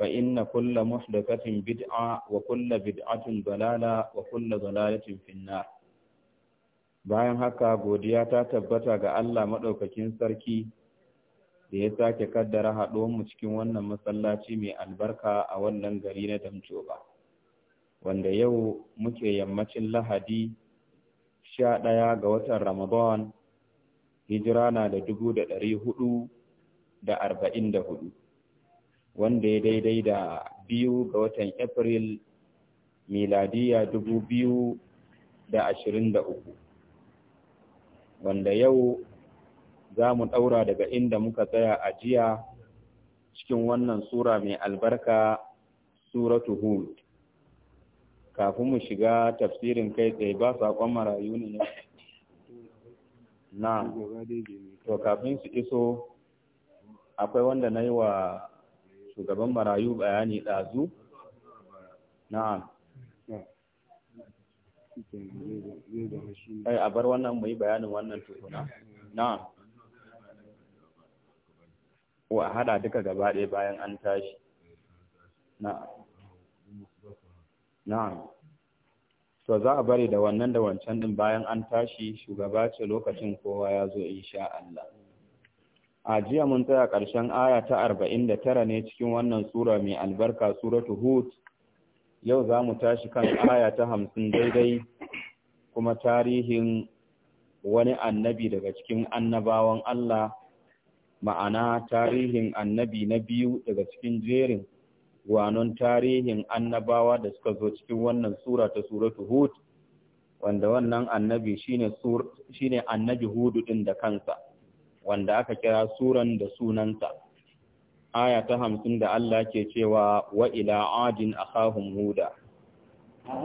فإن كل محدثة بدعة وكل بدعة ضلالة وكل ضلالة في النار bayan haka godiya ta tabbata ga Allah madaukakin sarki da ya sake kaddara haɗuwar mu cikin wannan masallaci mai albarka a wannan gari na Damjoba wanda yau muke yammacin Lahadi sha ɗaya ga watan Ramadan hijira na da dubu da arba'in da hudu wanda ya daidai da biyu ga watan april miladiya dubu biyu da ashirin da uku wanda yau za mu ɗaura daga inda muka tsaya a jiya cikin wannan sura mai albarka suratu hud kafin mu shiga tafsirin kai tsaye ba saƙon marayu ne na to kafin su iso akwai wanda na yi wa shugaban marayu bayani ɗazu na'am ai a bar wannan mu yi bayanin wannan tukuna na'am wa hada duka gaba ɗaya bayan an tashi na'am na'am to za a bari da wannan da wancan din bayan an tashi shugaba ce lokacin kowa ya zo insha Allah a jiya mun tsaya ƙarshen aya ta arba'in da tara ne cikin wannan sura mai albarka suratu hud yau za mu tashi kan aya ta hamsin daidai kuma tarihin wani annabi daga cikin annabawan Allah ma'ana tarihin annabi na biyu daga cikin jerin gwanon tarihin annabawa da suka zo cikin wannan sura ta suratu hud wanda wannan annabi shine annabi hudu din da kansa wanda aka kira suran da sunanta aya ta hamsin da Allah ke cewa wa ila adin a kahun huda wa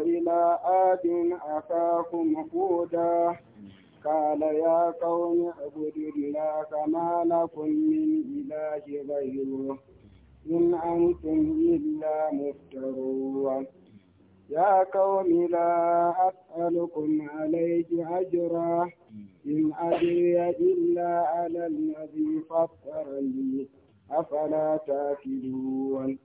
ila adin a huda kala ya kauni a gudunla kama na kunnin ilaji bayiro in an illa mustarowa يا قوم لا أسألكم عليه أجرا إن أجري إلا على الذي فطرني أفلا تأكلون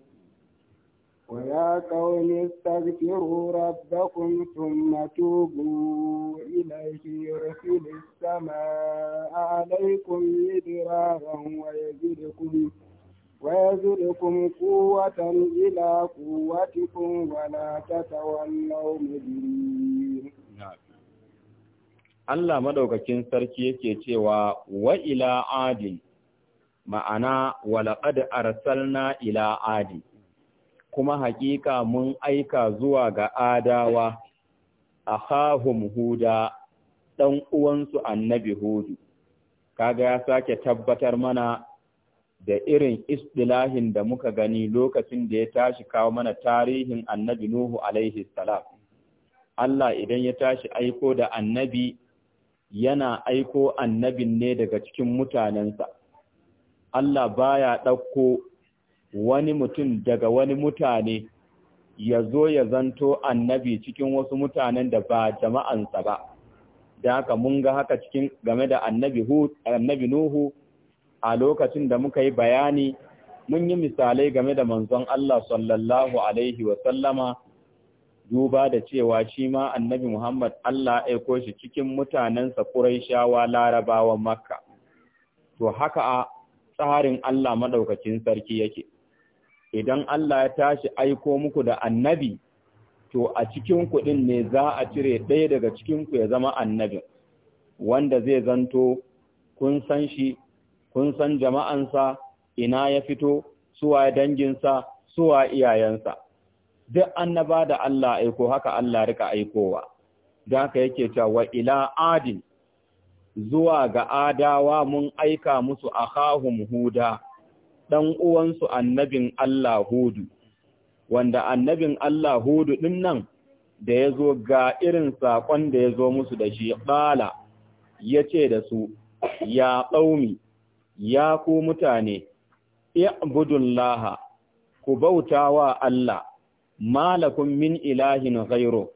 ويا قوم استغفروا ربكم ثم توبوا إليه يرسل السماء عليكم مدرارا ويزدكم ويزدكم قوة إلى قوتكم ولا تتولوا مدبرين Allah madaukakin sarki yake cewa wa ila adin ma'ana walaqad arsalna ila a'di". kuma hakika mun aika zuwa ga adawa akhahum huda dan uwansu annabi hudu kaga ya sake tabbatar mana da irin istilahin da muka gani lokacin da ya tashi kawo mana tarihin annabi Nuhu alaihi salam. Allah idan ya tashi aiko da annabi yana aiko annabin ne daga cikin mutanensa. Allah baya ɗauko wani mutum daga wani mutane ya zo ya zanto annabi cikin wasu mutanen da ba jama'ansa ba. Da haka mun ga haka cikin game da annabi Nuhu a lokacin da muka yi bayani mun yi misalai game da manzon Allah sallallahu alaihi wasallama duba da cewa shi ma annabi Muhammad Allah aiko shi cikin mutanensa Qurayshawa larabawa Makka. To haka a tsarin Allah maɗaukacin sarki yake. Idan Allah ya tashi aiko muku da annabi, to a cikin kuɗin ne za a cire ɗaya daga cikinku ya zama annabi wanda zai zanto kun san shi kun san jama'ansa ina ya fito suwa danginsa suwa iyayensa duk annaba da Allah aiko haka Allah rika aikowa da haka yake cewa ila adin zuwa ga adawa mun aika musu akahum huda dan uwansu annabin Allah hudu wanda annabin Allah hudu din nan da ya zo ga irin saƙon da ya zo musu da shi ƙala ya ce da su ya ƙaumi ya ku mutane i'budullaha ku bauta wa Allah malakun min ilahin ghairu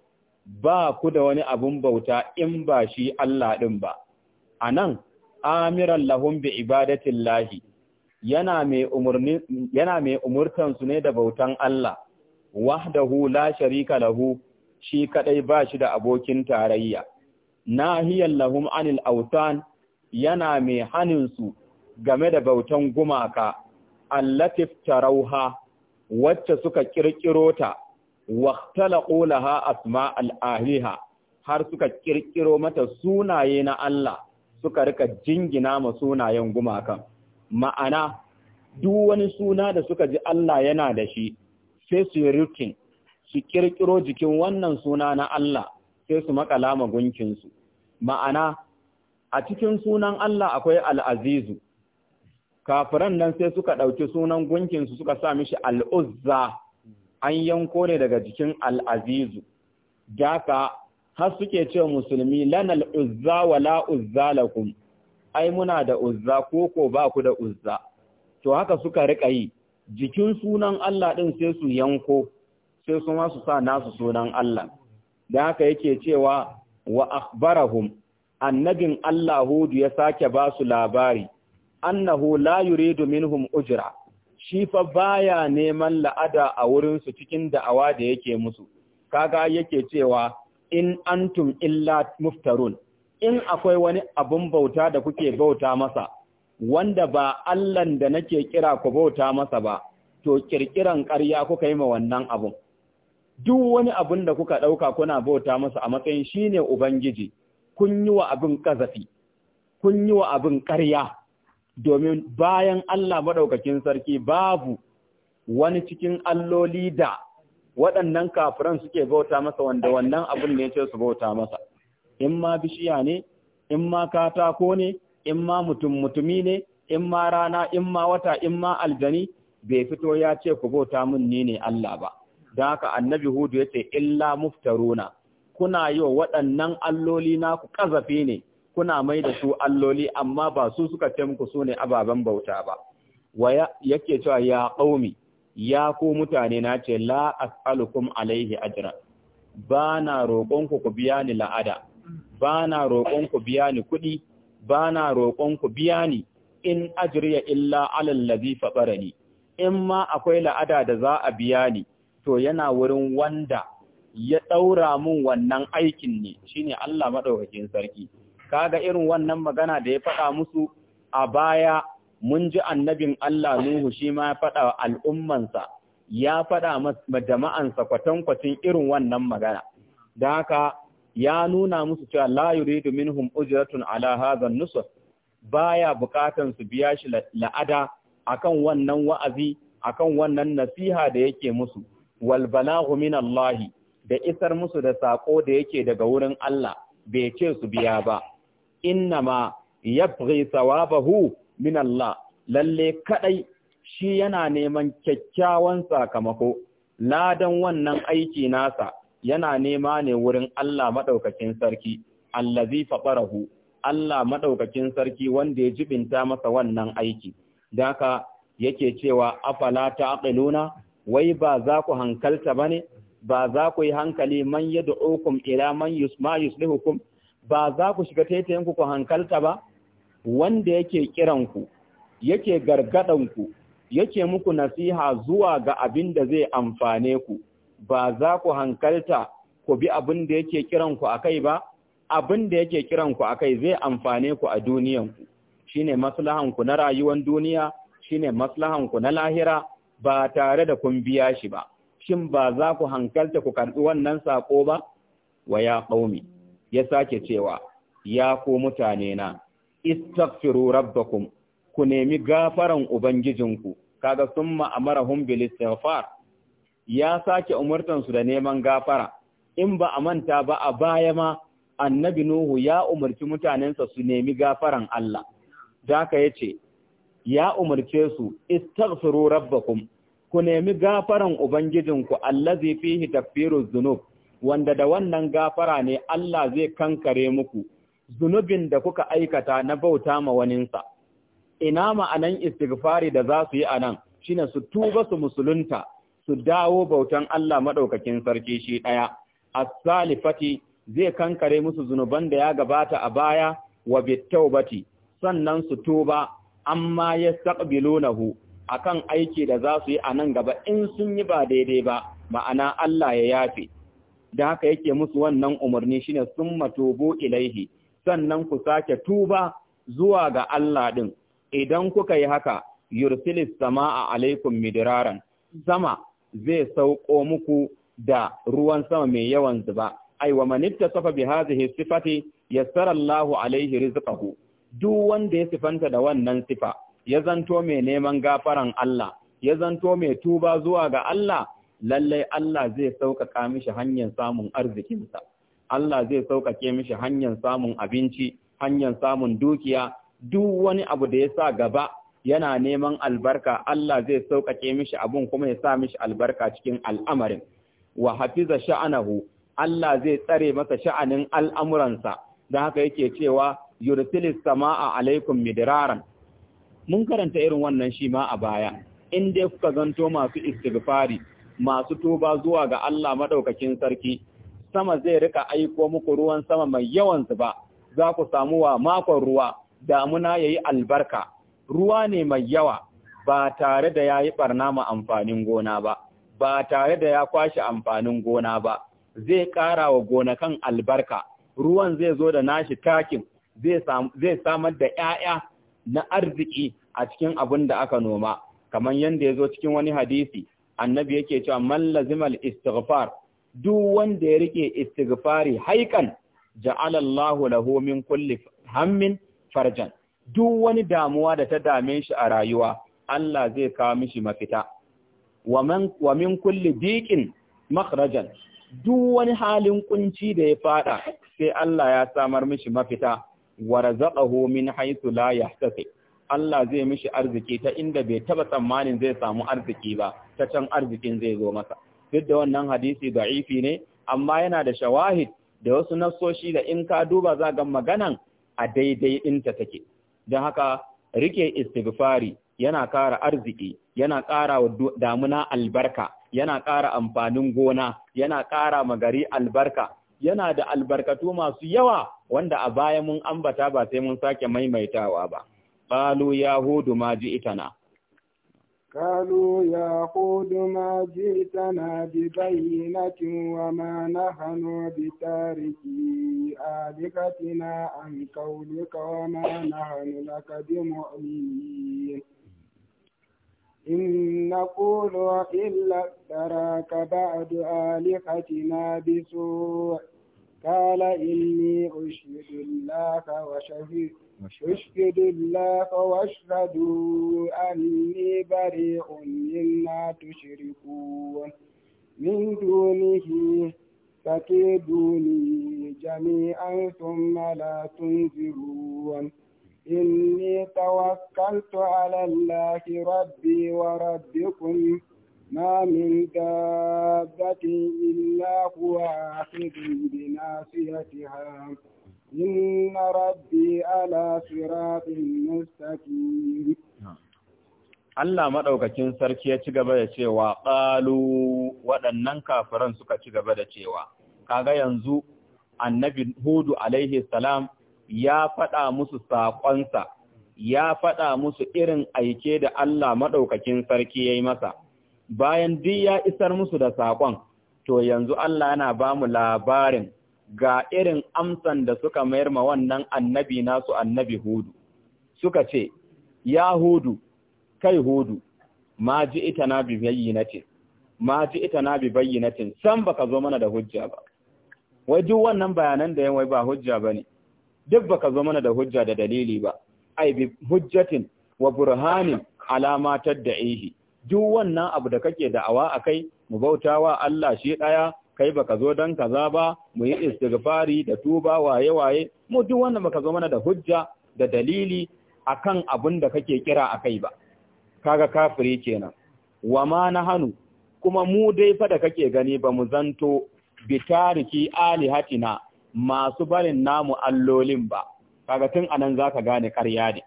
ba ku da wani abun bauta in ba shi Allah ɗin ba anan amiran lahum bi ibadatillahi yana mai umurni yana mai umurtan su ne da bautan Allah wahdahu la sharika lahu shi kadai ba shi da abokin tarayya nahiyan lahum anil autan yana mai hanin su game da bautan gumaka allatif tarauha wacce suka ƙirƙiro ta Waktala-Ƙolaha asma al-aliha har suka ƙirƙiro mata sunaye na Allah suka rika jingina ma sunayen gumakan ma'ana duk wani suna da suka ji Allah yana da shi sai su yi su ƙirƙiro jikin wannan suna na Allah sai su maƙala ma gunkinsu ma'ana a cikin sunan Allah akwai al'azizu kafiran nan sai suka ɗauki sunan gunkinsu suka sa mishi al'uzza an yanko ne daga jikin al'azizu daka har suke ce musulmi lanal uzza wala uzza lakum ai muna da uzza ko ko ba ku da uzza to haka suka rika yi jikin sunan Allah ɗin sai su yanko sai su ma su sa nasu sunan Allah da haka yake cewa wa akhbarahum annabin Allah Hudu ya sake ba su labari annahu la yuridu minhum ujra shi fa baya neman la'ada a wurin su cikin da'awa da yake musu kaga yake cewa in antum illa muftarun in akwai wani abun bauta da kuke bauta masa wanda ba Allahn da nake kira ku bauta masa ba to kirkiran ƙarya kuka yi ma wannan abun duk wani abun da kuka ɗauka kuna bauta masa a matsayin shine ubangiji kun yi wa abin kazafi kun yi wa abin ƙarya domin bayan Allah maɗaukakin sarki babu wani cikin alloli da waɗannan kafiran suke bauta masa wanda wannan abin ne ce su bauta masa in ma bishiya ne in ma katako ne in ma mutum mutumi ne in ma rana in ma wata in ma aljani bai fito ya ce ku bauta mun ni ne Allah ba da haka annabi hudu ya ce illa muftaruna kuna yi waɗannan alloli naku ƙazafi ne kuna mai da su alloli amma ba su suka ce muku su ne ababen bauta ba waya yake cewa ya qaumi ya ku mutane na ce la as'alukum alaihi ajran ba na roƙon ku biya ni la'ada ba na roƙon ku biya ni kuɗi ba na roƙon ku biya ni in ajriya illa alal ladhi fatarani in ma akwai la'ada da za a biya ni to yana wurin wanda ya ɗaura mun wannan aikin ne shine Allah maɗaukakin sarki kaga irin wannan magana da ya faɗa musu a baya mun ji annabin Allah Nuhu shi ma ya faɗa al'ummansa ya faɗa ma jama'ansa kwatankwacin irin wannan magana da haka ya nuna musu cewa la yuridu minhum ujratun ala hadha nusr baya bukatan su biya shi la'ada akan wannan wa'azi akan wannan nasiha da yake musu wal balaghu min Allah da isar musu da sako da yake daga wurin Allah bai ce su biya ba innama yabghi thawabahu min Allah lalle kadai shi yana neman kyakkyawan sakamako ladan wannan aiki nasa yana nema ne wurin Allah maɗaukakin sarki allazi faqarahu Allah maɗaukakin sarki wanda ya jibinta masa wannan aiki daka yake cewa afala ta aqiluna wai ba za ku hankalta bane ba za ku yi hankali man yad'ukum ila man yusma yuslihukum ba za ku shiga taitayenku ku hankalta ba wanda yake kiranku yake gargadanku yake muku nasiha zuwa ga abin da zai amfane ku ba za ku hankalta ku bi abin da yake kiranku akai ba abin da yake kiranku akai zai amfane ku a duniyanku shine maslahanku na rayuwar duniya shine maslahanku na lahira ba tare da kun biya shi ba shin ba za ku hankalta ku karɓi wannan sako ba Waya ya qaumi ya sake cewa ya ku mutane na istaghfiru rabbakum ku nemi gafaran ubangijinku kaga summa amarahum bil istighfar ya sake umurtan su da neman gafara in ba a manta ba a baya ma annabi nuhu ya umarci mutanensa su nemi gafaran Allah daka yace ya umarce su istaghfiru rabbakum ku nemi gafaran ubangijinku allazi fihi takfiruz zunub wanda da wannan gafara ne Allah zai kankare muku zunubin da kuka aikata na bauta ma waninsa. Ina ma'anan istighfari da za su yi a nan, shi su tuba su musulunta, su dawo bautan Allah maɗaukakin sarki shi ɗaya. As-salifati zai kankare musu zunuban da ya gabata a baya wa bittaubati, sannan su tuba, amma ya a akan aiki da za su yi a nan gaba in sun yi ba daidai ba, ma'ana Allah ya yafe. da haka yake musu wannan umarni shine sun matubu ilaihi sannan ku sake tuba zuwa ga Allah din idan kuka yi haka yursilis sama'a alaikum midiraran sama zai sauko muku da ruwan sama mai yawan zuba ai wa man ittasafa bi hadhihi sifati yassara Allahu alaihi rizqahu duk wanda ya sifanta da wannan sifa ya zanto mai neman gafaran Allah ya zanto mai tuba zuwa ga Allah lallai Allah zai sauƙaƙa mishi hanyar samun arzikinsa, Allah zai sauƙaƙe mishi hanyar samun abinci, hanyar samun dukiya, duk wani abu da ya sa gaba yana neman albarka, Allah zai sauƙaƙe mishi abun kuma ya sa mishi albarka cikin al'amarin. Wa hafiza sha'anahu, Allah zai tsare masa sha'anin al'amuransa, Da haka yake cewa, Yursilis sama'a alaikum midiraran. Mun karanta irin wannan shi ma a baya, in dai kuka zanto masu istighfari masu tuba zuwa ga Allah madaukakin sarki sama zai rika aiko muku ruwan sama mai yawan zuba za ku samu wa makon ruwa damuna yayi albarka ruwa ne mai yawa ba tare da yayi barna ma amfanin gona ba ba tare da ya kwashe amfanin gona ba zai ƙara wa gonakan albarka ruwan zai zo da nashi takin zai samar da ‘ya'ya na arziki a cikin abin da aka noma, kamar yadda ya zo cikin wani hadisi, annabi yake cewa mallazimal lazimal istighfar duk wanda ya rike istighfari haikan ja'ala Allahu lahu min kulli hammin farjan duk wani damuwa da ta dame shi a rayuwa Allah zai kawo mishi mafita wa man wa min kulli diqin makhrajan duk wani halin kunci da ya fada sai Allah ya samar mishi mafita wa razaqahu min haythu la yahtasib Allah zai mishi arziki ta inda bai taba tsammanin zai samu arziki ba ta can arzikin zai zo masa duk da wannan hadisi da'ifi ne amma yana da shawahid da wasu nassoshi da in ka duba za ga maganan a daidai ta take don haka rike istighfari yana ƙara arziki yana ƙara damuna albarka yana ƙara amfanin gona yana ƙara magari albarka yana da albarkatu masu yawa wanda a baya mun ambata ba sai mun sake maimaitawa ba Kalu ya ma ji ita na. Kalu ya hudu ma ji ita na bi bayyanaci wa ma na hannu bi tariki a dikatina an kaulika wa ma na hannu na ka bi إن نقول إلا اختراك بعد آلهتنا بسوء قال إني أشهد الله وشهد أشهد الله واشهدوا أني بريء مما تشركون من دونه فكيدوني جميعا ثم لا تنذرون إني توكلت على الله ربي وربكم ما من دابة إلا هو آخذ بناصيتها إن ربي على صراط مستقيم Allah maɗaukakin sarki ya ci gaba da cewa ƙalu waɗannan kafiran suka ci gaba da cewa, kaga yanzu annabi Hudu alaihi salam ya faɗa musu saƙonsa, ya faɗa musu irin aike da Allah maɗaukakin sarki ya yi masa, bayan duk ya isar musu da saƙon to yanzu Allah yana ba mu labarin ga irin amsan da suka mayar ma wannan annabi nasu annabi hudu suka ce ya hudu kai hudu ma ji ita na bi ce. ma ji ita na bi ce. san baka zo mana da hujja ba wai duk wannan bayanan da yawai ba hujja bane duk baka zo mana da hujja da dalili ba ai bi hujjatin wa burhanin da ehi. duk wannan abu da kake da'awa a kai, mu bauta wa Allah shi ɗaya, kai baka zo don kaza ba mu yi istighfari da tuba waye waye mu duk wannan baka zo mana da hujja da dalili a kan abin da kake kira a kai ba kaga kafiri kenan wa ma hannu. kuma mu dai fa da kake gani ba mu zanto bitariki alihatina masu barin namu allolin ba kaga tun anan zaka gane karya ne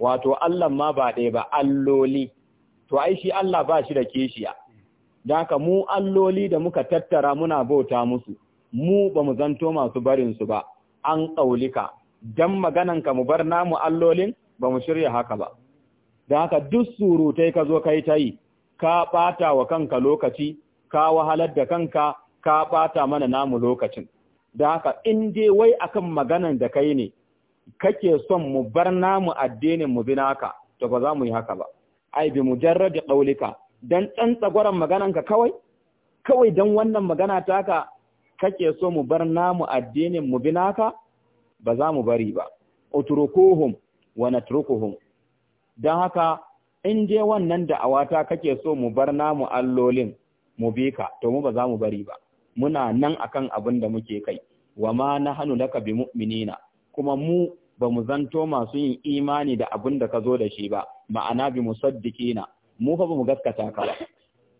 wato Allah ma ba ɗaya ba alloli to ai shi Allah ba shi da keshiya Da ka mu alloli da muka tattara muna bauta musu mu ba mu zanto masu barin su ba an ƙaulika maganan ka mu bar namu allolin ba mu shirya haka ba Da haka duk surutai ka zo kai tai ka ɓata wa kanka lokaci ka wahalar da kanka ka ɓata mana namu lokacin Da haka in dai wai akan maganan da kai ne kake son mu bar namu addinin mu bi naka to ba za mu yi haka ba ai bi mujarrad qaulika dan tsan tsagoran magananka kawai kawai dan wannan magana ka kake so mu bar namu addinin mu binaka ba za mu bari ba utrukuhum wa natrukuhum dan haka in je wannan da'awata kake so mu bar namu allolin mu bi ka to mu ba za mu bari ba muna nan akan abin da muke kai wa ma nahnu laka bi mu'minina kuma mu ba mu zanto masu yin imani da abin da ka zo da shi ba ma'ana bi musaddiqina mu fa bamu gaskata ka ba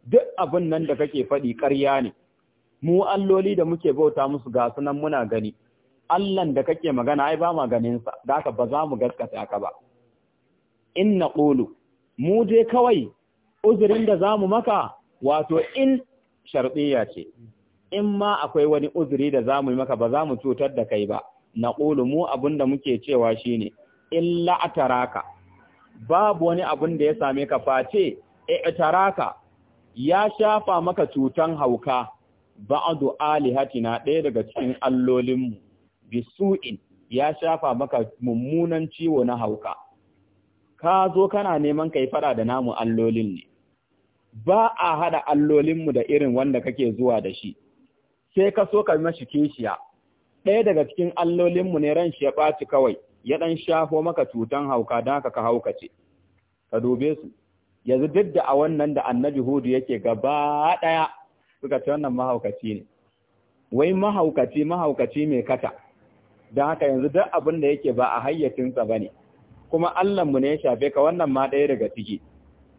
duk abin nan da kake faɗi ƙarya ne mu alloli da muke bauta musu ga sunan muna gani allah da kake magana ai ba ma ganin sa da haka ba za mu gaskata ka ba in naqulu mu je kawai uzurin da zamu maka wato in Sharbiya ce in ma akwai wani uzuri da zamu maka ba za mu cutar da kai ba naqulu mu abinda muke cewa shine illa ataraka babu wani abin da ya same ka face i'taraka ya shafa maka cutan hauka ba'du alihatina ɗaya daga cikin allolinmu bisu'in ya shafa maka mummunan ciwo na hauka ka zo kana neman kai faɗa da namu allolin ne ba a hada allolinmu da irin wanda kake zuwa da shi sai ka so ka mashi kishiya ɗaya daga cikin allolinmu ne ran shi ya ɓaci kawai ya ɗan shafo maka cutan hauka don haka ka haukace ka dube su yanzu duk da a wannan da annabi hudu yake gaba ɗaya suka ce wannan mahaukaci ne wai mahaukaci mahaukaci mai kata don haka yanzu duk abin da yake ba a hayyacinsa ba ne kuma mu ne ya shafe ka wannan ma ɗaya daga ciki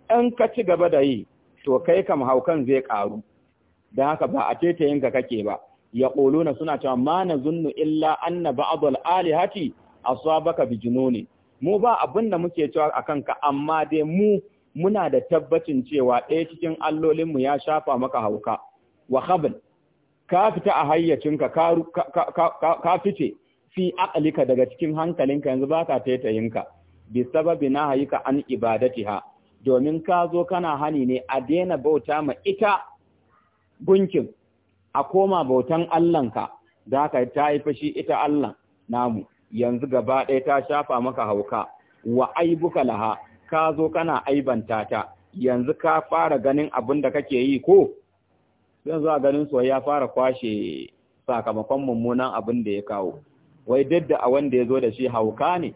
ɗan ka ci gaba da yi to kai kam haukan zai ƙaru don haka ba a tetayin ka kake ba ya ƙoluna suna cewa ma na zunnu illa anna ba'd al-alihati asabaka bijununi mu ba abin da muke cewa akan ka amma dai mu muna da tabbacin cewa ɗaya cikin allolin mu ya shafa maka hauka wa khabl ka fita a hayyacinka ka ka fice fi aqlika daga cikin hankalinka yanzu baka taitayinka bi sababi na hayika an ibadatiha domin ka zo kana hani ne a daina bauta ma ita gunkin a koma bautan Allahnka da ka ta yi fashi ita Allah namu yanzu gaba ɗaya ta shafa maka hauka wa aibuka laha ka zo kana aibanta ta yanzu ka fara ganin abin da kake yi ko sai zuwa ganin soyayya ya fara kwashe sakamakon mummunan abin da ya kawo wai dadda a wanda ya zo da shi hauka ne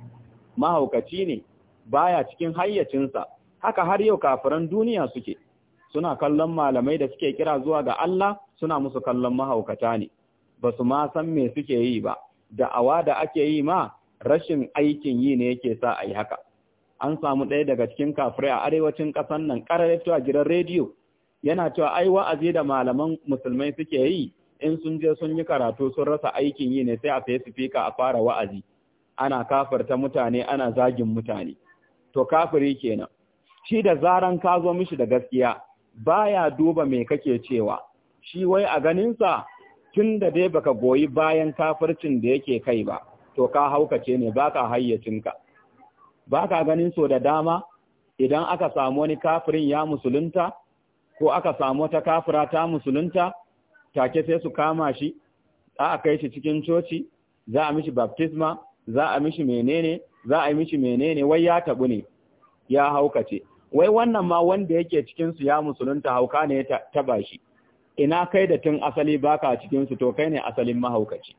mahaukaci ne baya cikin hayyacinsa haka har yau kafiran duniya suke suna kallon malamai da suke kira zuwa ga Allah suna musu kallon mahaukata ne ba su ma san me suke yi ba Da awa da ake yi ma rashin aikin yi ne yake sa a yi haka an samu ɗaya daga cikin kafirai a arewacin ƙasar nan ƙarar cewa gidan rediyo yana cewa ai wa'azi da malaman musulmai suke yi in sun je sun yi karatu sun rasa aikin yi ne sai a sai sifika a fara wa'azi ana kafarta mutane ana zagin mutane to kafiri kenan shi da zaran ka zo mishi da gaskiya baya duba me kake cewa shi wai a ganinsa tun da dai baka goyi bayan kafircin da yake kai ba to ka haukace ne baka hayyacinka baka ganin so da dama idan aka samu wani kafirin ya musulunta ko aka samu wata kafira ta musulunta take sai su kama shi za a kai shi cikin coci za a mishi baptisma za a mishi menene za a mishi menene wai ya tabu ne ya haukace wai wannan ma wanda yake cikinsu ya musulunta hauka ne ya taba shi ina kai da tun asali baka cikinsu, to kai ne asalin mahaukaci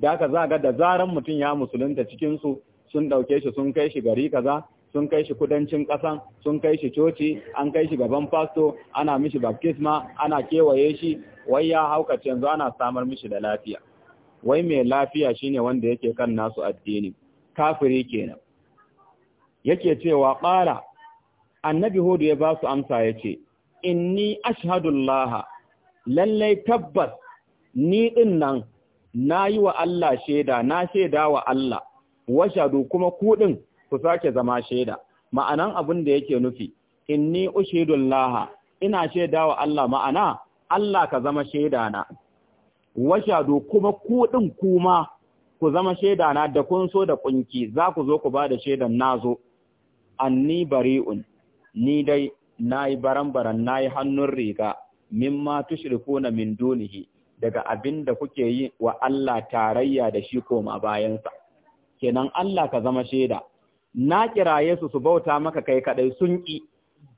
da ka zaga da zaran mutum ya musulunta cikinsu, sun ɗauke shi sun kai shi gari kaza sun kai shi kudancin ƙasan sun kai shi coci an kai shi gaban fasto ana mishi baptisma ana kewaye shi wai ya haukace yanzu ana samar mishi da lafiya wai mai lafiya shine wanda yake kan nasu addini kafiri kenan yake cewa ƙara annabi hudu ya ba su amsa ya ce inni ashhadullaha lallai tabbas ni din nan na yi wa Allah shaida, na sheda wa Allah washadu kuma ku din ku sake zama shaida. ma'anan abin da yake nufi inni ushidullaha ina shaida wa Allah ma'ana Allah ka zama shaida na washadu kuma kuɗin kuma ku zama shaida na da kun so da kunki za ku zo ku ba da shedan nazo anni bari'un ni dai na yi nayi na yi hannun riga mimma tushrikuna min dunihi daga abin da kuke yi wa Allah tarayya da shi koma bayansa kenan Allah ka zama shaida na kiraye su su bauta maka kai kadai sun ki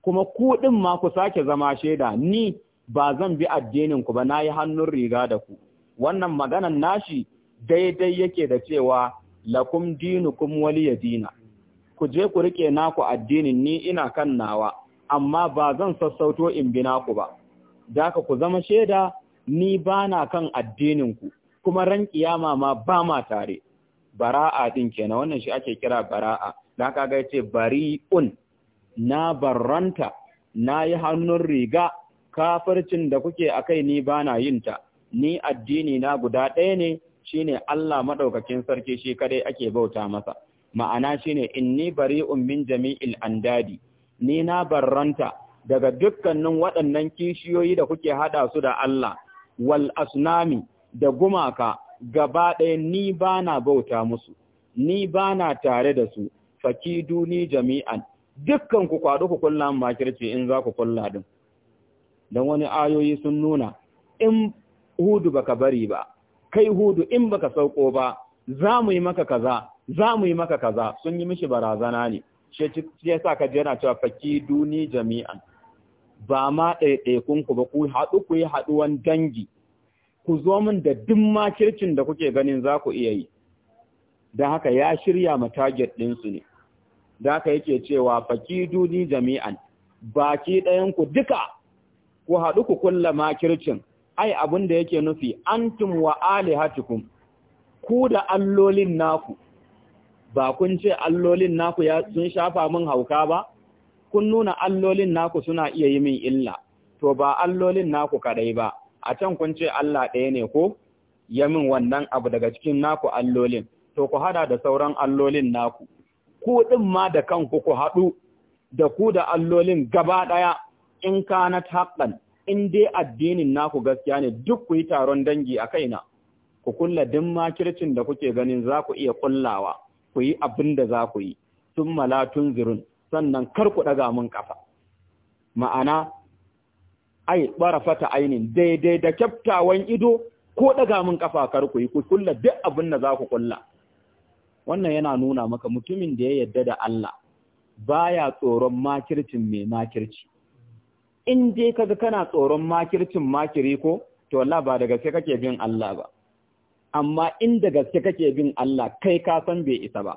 kuma ku din ma ku sake zama shaida ni ba zan bi addinin ku ba nayi hannun riga da ku wannan maganan nashi daidai yake da cewa lakum dinukum waliyadina ku je ku rike naku addinin ni ina kan nawa amma ba zan sassauto in bina ku ba da ku zama shaida ni ba na kan addininku kuma ran kiyama ma ba ma tare bara'a din kenan wannan shi ake kira bara'a da ka ga yace bari'un na barranta na yi hannun riga kafircin da kuke akai ni ba na yin ta ni addini na guda ɗaya ne shine Allah madaukakin sarki shi kadai ake bauta masa ma'ana shine inni bari'un min jami'il andadi ni na barranta daga dukkanin waɗannan kishiyoyi da kuke haɗa su da Allah wal asnami da gumaka gaba ɗaya ni ba na bauta musu ni ba na tare da su ni jami'an dukkan ku kwaɗu ku kulla makirci in za ku kulla din Don wani ayoyi sun nuna in hudu baka bari ba kai hudu in baka sauko ba za mu yi maka kaza za mu yi maka kaza sun yi mishi barazana ne shi sa ka ji cewa faki duni jami'an ba ma ɗaiɗaikun ku ba ku haɗu ku yi haɗuwan dangi ku zo min da duk makircin da kuke ganin za ku iya yi don haka ya shirya ma target ɗinsu ne da haka yake cewa faki duni jami'an baki ɗayan ku duka ku haɗu ku kulla makircin ai abin da yake nufi antum wa alihatikum ku da allolin naku ba kun ce allolin naku ya sun shafa min hauka ba kun nuna allolin naku suna iya yi min illa to ba allolin naku kadai ba a can kun ce Allah ɗaya ne ko ya min wannan abu daga cikin naku allolin to ku hada da sauran allolin naku ku din ma da kanku ku haɗu da ku da allolin gaba ɗaya in kana haqqan in dai addinin naku gaskiya ne duk ku yi taron dangi a kaina ku kulla din kircin da kuke ganin za ku iya kullawa ku yi abin da za ku yi sun malatun zirin sannan kar ku ɗaga mun ƙafa ma'ana ai ɓara fata ainin daidai da kyaftawan ido ko ɗaga mun ƙafa kar ku yi ku kulla duk abin da za ku kulla wannan yana nuna maka mutumin da ya yarda da Allah baya tsoron makircin mai makirci in dai kaga kana tsoron makircin makiri ko to wallahi ba daga sai kake bin Allah ba amma inda gaske kake bin Allah kai ka san bai isa ba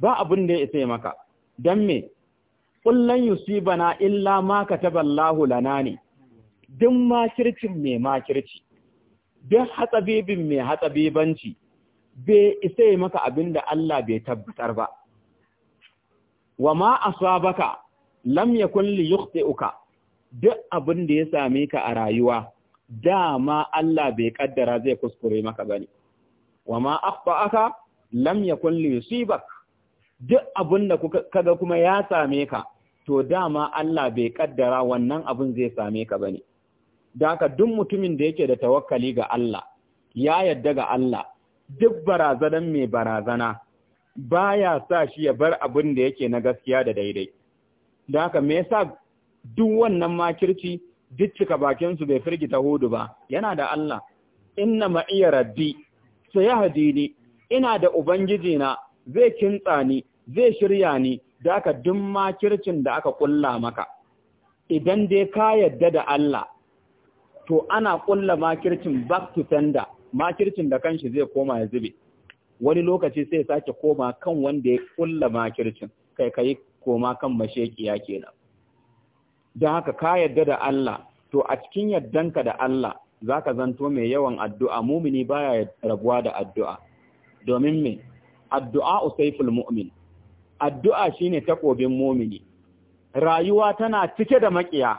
ba abin da ya isa maka dan me kullan yusibana illa ma kataballahu lana ne duk makirci mai makirci duk hatsabibin mai hatsabibanci bai isa maka abinda Allah bai tabbatar ba wa ma asabaka lam yakun li yukhti'uka duk abinda ya same ka a rayuwa dama Allah bai kaddara zai kuskure maka bane wa ma akhfa'aka lam yakun liyusibak duk abun da kaga kuma ya same ka to dama Allah bai kaddara wannan abun zai same ka bane daka duk mutumin da yake da tawakkali ga Allah ya yadda ga Allah duk barazanan mai barazana baya sa shi ya bar abin da yake na gaskiya da daidai daka me yasa duk wannan makirci diccika bakinsu bai firgita hudu ba, yana da Allah, inna ma'iya rabbi, sai ya hadini, ina da ubangiji na zai kintsa ni, zai shirya ni, da aka dumma kircin da aka ƙulla maka. Idan dai ka yadda da Allah, to ana ƙulla makircin back to sender, makircin da kanshi zai koma ya zube. Wani lokaci sai sake koma kan wanda ya ƙulla makircin, kai ka yi koma kan mashekiya kenan. don haka ka yarda da Allah to a cikin yaddanka da Allah zaka zanto mai yawan addu'a mumini baya rabuwa da addu'a domin me addu'a usaiful mu'min addu'a shine takobin mumini rayuwa tana cike da makiya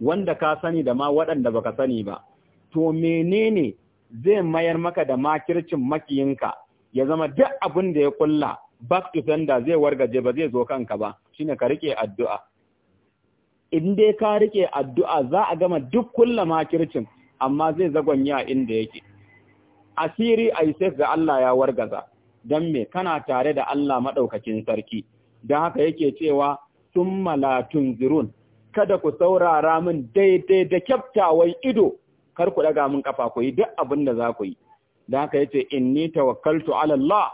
wanda ka sani da ma waɗanda baka sani ba to menene zai mayar maka da makircin makiyinka ya zama duk abin da ya kulla back to sender zai wargaje ba zai zo kanka ba shine ka rike addu'a in dai ka rike addu'a za a gama duk kulla makircin amma zai zagonya a inda yake asiri a ga Allah ya wargaza don me kana tare da Allah maɗaukakin sarki don haka yake cewa sun malatun zirun kada ku saurara min daidai da kyaftawan ido kar ku ɗaga min ƙafa ku yi duk abin da za ku yi don haka yace inni tawakkaltu ala Allah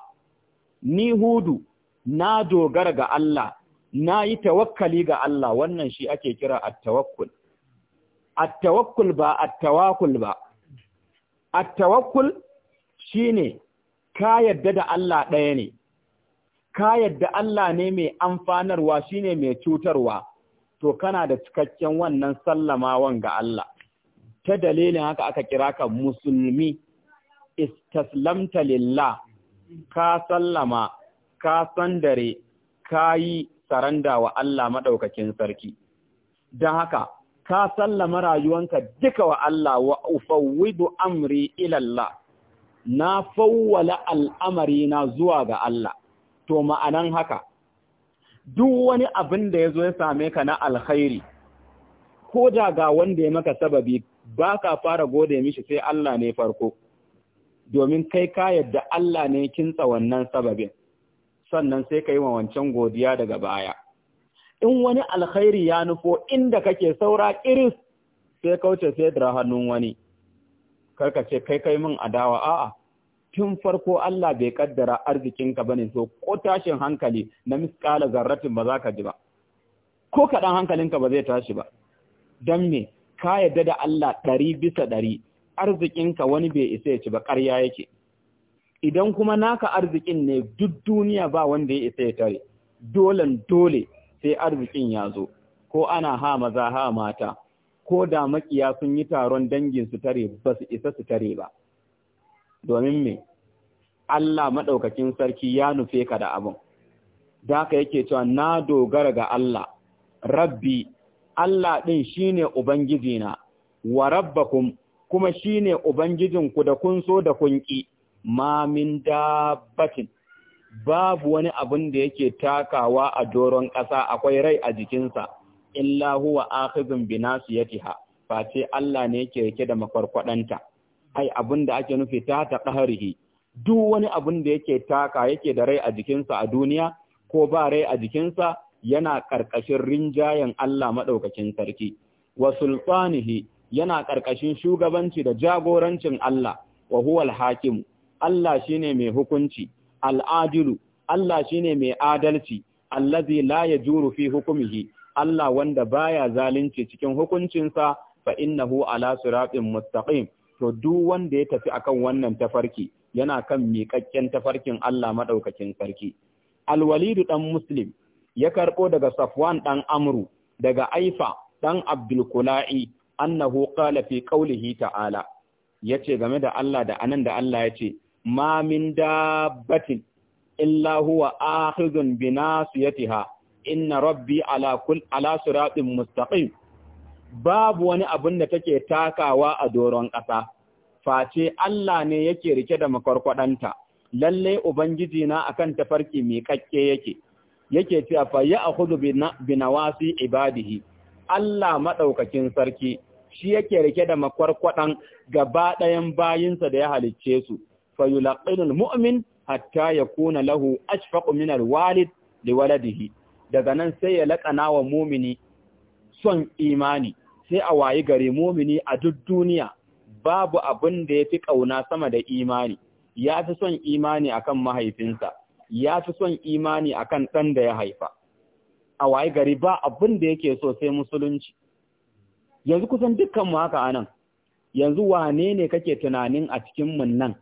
ni hudu na dogara ga Allah na yi tawakkali ga Allah wannan shi ake kira attawakkul. Attawakkul ba attawakul ba. Attawakkul shi ne ka yadda da Allah ɗaya ne, ka yadda Allah ne mai amfanarwa shi ne mai cutarwa, to kana da cikakken wannan sallamawan ga Allah. Ta dalilin haka aka kira ka musulmi, istaslamta lillah, ka sallama, ka sandare, ka yi saranda wa Allah maɗaukakin sarki. Don haka, ka sallama rayuwanka duka wa Allah wa ufawwidu amri ilallah, na fawwala al'amari na zuwa ga Allah, to ma'anan haka, duk wani abin da ya zo ya same ka na alkhairi, ko da ga wanda ya maka sababi ba ka fara gode mishi sai Allah ne farko, domin kai ka yadda Allah ne kintsa wannan sababin. sannan sai ka yi wa wancan godiya daga baya in wani alkhairi ya nufo inda kake saura iris sai kauce sai dira hannun wani karka ce kai kai min adawa a'a tun farko Allah bai kaddara arzikinka bane so ko tashin hankali na miskala zarratin ba za ka ji ba ko kaɗan hankalinka ba zai tashi ba don me ka yadda da Allah ɗari bisa ɗari arzikinka wani bai isa ya ci ba ƙarya yake idan kuma naka arzikin ne duk duniya ba wanda ya isa ya tare dolen dole sai arzikin ya zo ko ana ha maza ha mata ko da makiya sun yi taron dangin su tare ba su isa su tare ba domin me Allah maɗaukakin sarki ya nufe ka da abin da ka yake cewa na dogara ga Allah rabbi Allah ɗin shine ubangijina wa rabbakum kuma shine ubangijinku da kun so da kun ƙi ma min dabbatin babu wani abin da yake takawa a doron ƙasa akwai rai a jikinsa illa huwa akhizun bi nasiyatiha face Allah ne yake rike da makwarkwadanta ai abin da ake nufi ta ta qahrihi duk wani abin da yake taka yake da rai a jikinsa a duniya ko ba rai a jikinsa yana karkashin rinjayen Allah madaukakin sarki wa sultanihi yana karkashin shugabanci da jagorancin Allah wa huwal hakim Allah shi ne mai hukunci al'adilu Allah shi ne mai adalci allazi la juru fi hukmihi Allah wanda baya zalunci cikin hukuncinsa fa innahu ala suraɓin mustaqim to duk wanda ya tafi akan wannan tafarki yana kan miƙaƙƙen tafarkin Allah maɗaukakin sarki alwalidu ɗan muslim ya karɓo daga safwan ɗan amru daga aifa ɗan abdul kula'i annahu qala fi qawlihi ta'ala ce game da Allah da anan da Allah ya ce. ma min dabbatin illa huwa akhidun bi nasiyatiha inna rabbi ala kull ala siratin mustaqim babu wani abin da take takawa a doron ƙasa face Allah ne yake rike da makarkwadanta lalle ubangiji na akan tafarki mai kakke yake yake cewa fa ya akhudhu bi nawasi ibadihi Allah madaukakin sarki shi yake rike da makwarkwaɗan gaba ɗayan bayinsa da ya halicce su fa mu'min hatta yakuna lahu ashfaqu min alwalid liwaladihi daga nan sai ya laƙana wa mumini son imani sai a wayi gare mumini a duk duniya babu abin da ya fi ƙauna sama da imani ya fi son imani akan mahaifinsa ya fi son imani akan ɗan da ya haifa a wayi gari ba abin da yake so sai musulunci yanzu kusan mu haka anan yanzu wane ne kake tunanin a cikinmu nan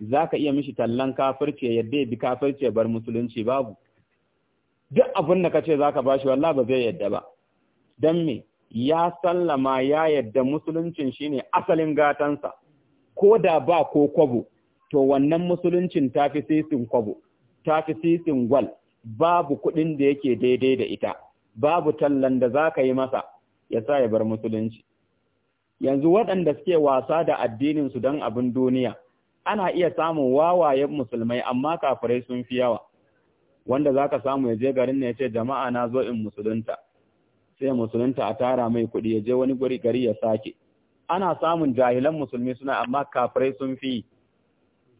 za ka iya mishi tallan kafirci ya yadda ya bi kafirci ya bar musulunci babu duk abin da ka ce za ka ba shi wallah ba zai yadda ba don me ya sallama ya yadda musuluncin shine asalin gatansa ko da ba ko kwabo to wannan musuluncin ta fi sisin kwabo ta fi sisin gwal babu kuɗin da yake daidai da ita babu tallan da za ka yi masa ya sa ya bar musulunci yanzu waɗanda suke wasa da addininsu don abin duniya ana iya samun wawayen musulmai amma kafirai sun fi yawa wanda zaka samu ya je garin ne ya ce jama'a na zo in musulunta sai musulunta a tara mai kuɗi ya je wani guri gari ya sake ana samun jahilan musulmi suna amma kafirai sun fi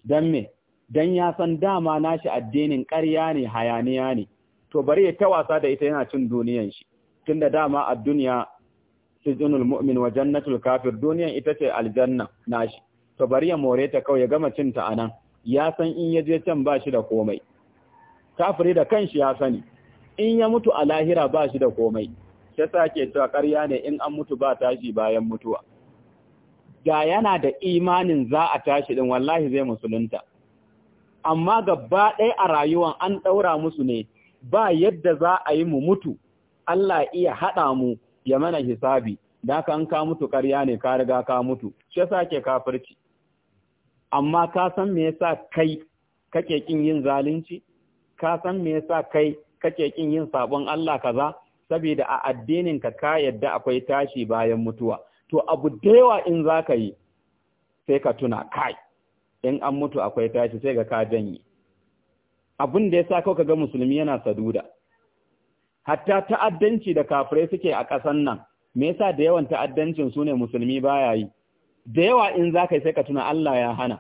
dan me dan ya san dama nashi addinin ƙarya ne hayaniya ne to bari ya ta wasa da ita yana cin duniyan shi tunda dama a duniya sijinul mu'min wa jannatul kafir duniyan ita ce aljanna nashi to bari ya more ta kawai ya gama cin ta anan ya san in ya je can ba shi da komai kafiri da kanshi ya sani in ya mutu a lahira ba shi da komai shi sake cewa ƙarya ne in an mutu ba tashi bayan mutuwa ga yana da imanin za a tashi din wallahi zai musulunta amma gaba ɗaya a rayuwan an ɗaura musu ne ba yadda za a yi mu mutu Allah iya haɗa mu ya mana hisabi da ka ka mutu ƙarya ne ka riga ka mutu shi yasa ke kafirci amma ka san me yasa kai kake kin yin zalunci ka san me yasa kai kake kin yin sabon Allah kaza saboda a addinin ka ka yadda akwai tashi bayan mutuwa to abu da yawa in zaka yi sai ka tuna kai in an mutu akwai tashi sai ga ka janye abin da yasa ka ga musulmi yana saduda hatta ta'addanci da kafirai suke a ƙasan nan me yasa da yawan ta'addancin su ne musulmi baya yi da yawa in za ka yi sai ka tuna Allah ya hana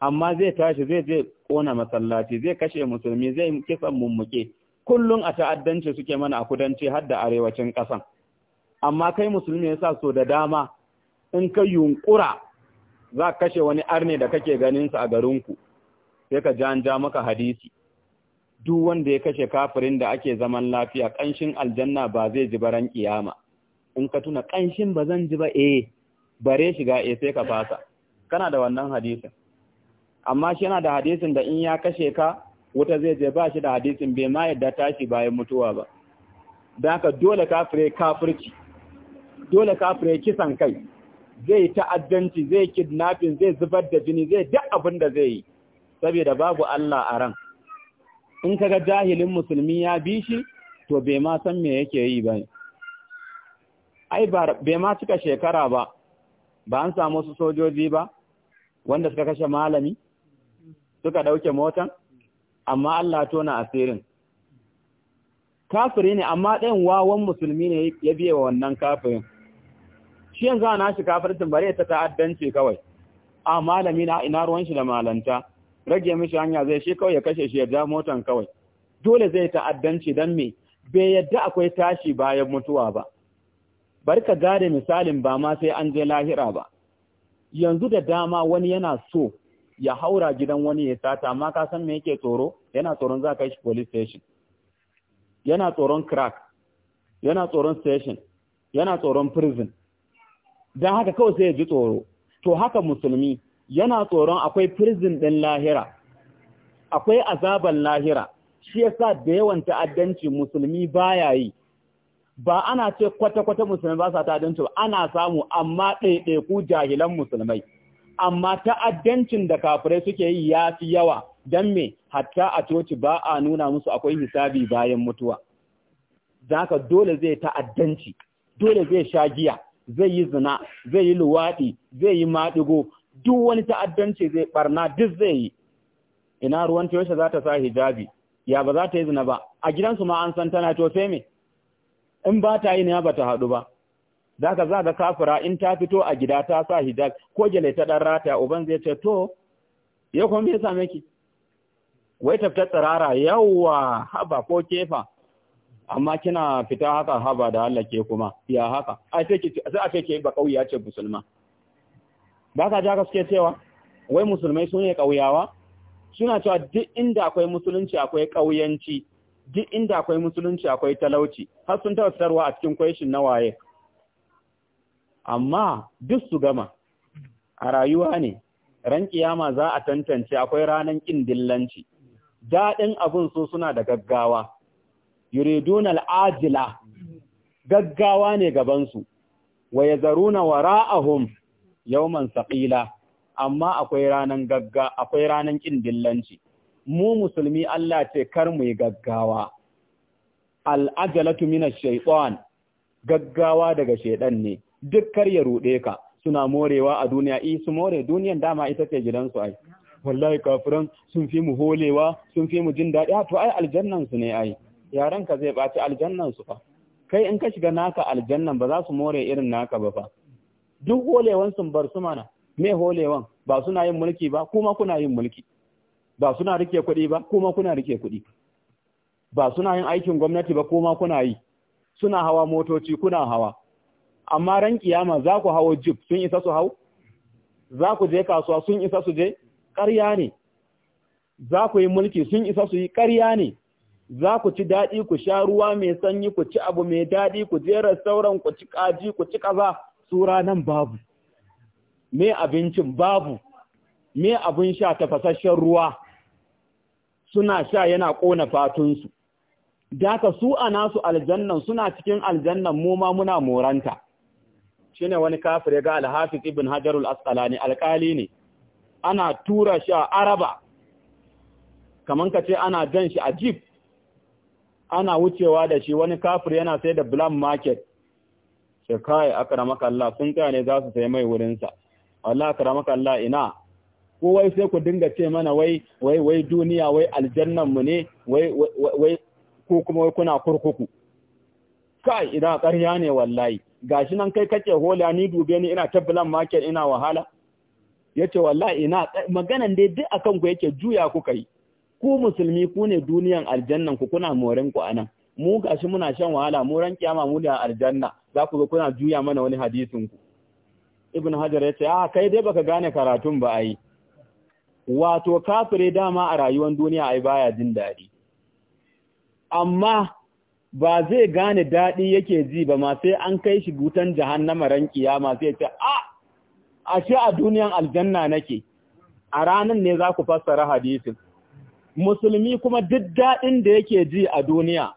amma zai tashi zai je kona masallaci zai kashe musulmi zai kisan mummuke kullum a ta'addanci suke mana a kudanci har da arewacin ƙasan amma kai musulmi ya sa so da dama in ka yunkura za ka kashe wani arne da kake ganinsa a garinku sai ka ja ja maka hadisi duk wanda ya kashe kafirin da ake zaman lafiya ƙanshin aljanna ba zai ji baran ƙiyama. in ka tuna ƙanshin ba zan ji ba eh bare shiga ga eh, sai ka fasa kana da wannan hadisin amma shi yana da hadisin da in ya kashe ka wuta zai je ba shi da hadisin bai ma yadda tashi bayan mutuwa ba da haka dole kafire kafirci dole kafire kisan kai zai ta'addanci zai kidnapin zai zubar da jini zai duk abin da zai yi saboda babu Allah a ran in kaga jahilin musulmi ya bi shi to bai ma san me yake yi ba ai bai ma cika shekara ba ba an samu wasu sojoji ba wanda suka kashe malami suka ɗauke motan amma Allah tona asirin kafiri ne amma ɗayan wawan musulmi ne ya biye wa wannan kafirin shi yanzu ana shi kafirtin bare ta ta'addanci kawai a malami na ina ruwan shi da malanta rage mishi hanya zai shi kawai ya kashe shi ya ja motan kawai dole zai ta'addanci dan me bai yadda akwai tashi bayan mutuwa ba bari ka gare misalin ba ma sai an je lahira ba yanzu da dama wani yana so ya haura gidan wani ya sata amma ka san me yake tsoro yana tsoron za ka shi police station yana tsoron crack yana tsoron station yana tsoron prison don haka kawai sai ya ji tsoro to haka musulmi yana tsoron akwai prison ɗin lahira akwai azaban lahira shi yasa da yawan ta'addanci musulmi baya yi ba ana ce kwata-kwata musulmai ba sa ta'addanci ba ana samu amma ɗaiɗaiku jahilan musulmai amma ta'addancin da kafirai suke yi ya fi yawa don me hatta a coci ba a nuna musu akwai hisabi bayan mutuwa zaka dole zai ta'addanci dole zai sha giya zai yi zina zai yi luwaɗi zai yi maɗigo duk wani ta'addanci zai barna duk zai yi ina ruwan toshe zata za ta sa hijabi ya ba za ta yi zina ba a gidansu ma an san tana to sai me in ba ta yi ne ba ta haɗu ba za ka za ka kafira in ta fito a gida ta sa hijab ko gyale ta ɗan rata uban zai ce to ya kuma bai same ki wai ta fita tsirara yawa haba ko kefa amma kina fita haka haba da Allah ke kuma ya haka sai a ce ke ba ƙauya ce musulma ba ka ja ka suke cewa wai musulmai sune ƙauyawa? suna cewa duk inda akwai musulunci akwai ƙauyanci duk inda akwai musulunci akwai talauci har sun tafsirwa a cikin kwaishin na waye amma duk su gama a rayuwa ne ran kiyama za a tantance akwai ranan kin dillanci dadin abun su suna da gaggawa yuridun al'ajila gaggawa ne gaban su wa yazaruna wara'ahum yawman saqila amma akwai ranan gagga akwai ranan kin dillanci mu musulmi Allah ce kar mu yi gaggawa al'ajalatu mina shaitan gaggawa daga shaiɗan ne duk kar ya rude ka suna morewa a duniya eh su more duniyan dama ita ce gidansu ai wallahi kafiran sun fi mu holewa sun fi mu jin daɗi ah, to ai aljannansu ne ai yaran ka zai ɓaci aljannan su fa kai in ka shiga naka aljannan ba za su more irin naka ba fa duk holewan sun bar su mana me holewan ba suna yin mulki ba kuma kuna yin mulki ba suna rike kuɗi ba kuma kuna rike kuɗi ba suna yin aikin gwamnati ba kuma kuna yi suna hawa motoci kuna hawa amma ran kiyama za ku hawo jeep sun isa su hau za ku je kasuwa sun isa su je ƙarya ne za ku yi mulki sun isa su yi ƙarya ne za ku ci daɗi ku sha ruwa mai sanyi ku ci abu mai daɗi ku je sauran ku ci kaji ku ci kaza su nan babu me abincin babu me abin sha tafasasshen ruwa suna sha yana ƙona fatunsu. Daka su a nasu aljannan suna cikin aljannan mu ma muna moranta. Shi ne wani kafir ya ga alhafiz ibn Hajarul Asqalani alƙali ne, ana tura shi a Araba, kamar ka ce ana jan shi a jib, ana wucewa da shi wani kafir yana sai da blam market. Shekai, a Allah, sun tsaya ne za su sai mai wurinsa. Allah, ƙaramakalla ina, ko wai sai ku dinga ce mana wai wai wai duniya wai aljannan mu ne wai wai ko kuma wai kuna kurkuku kai ina ƙarya ne wallahi gashi nan kai kake hola ni dube ni ina tabbalan market ina wahala yace wallahi ina maganan dai duk akan ku yake juya ku kai ku musulmi ku ne duniyan aljannan ku kuna morin ku anan mu gashi muna shan wahala mu ran kiyama mu da aljanna za ku ga kuna juya mana wani hadisin ku ibn hajar yace a ah, kai dai baka gane karatun ba ai wato kafire dama a rayuwar duniya ai baya jin daɗi amma ba zai gane daɗi yake ji ba ma sai an kai shi gutan jahannama ran kiyama sai ce a ashe a duniyan aljanna nake a ranan ne za ku fassara hadisin musulmi kuma duk daɗin da yake ji a duniya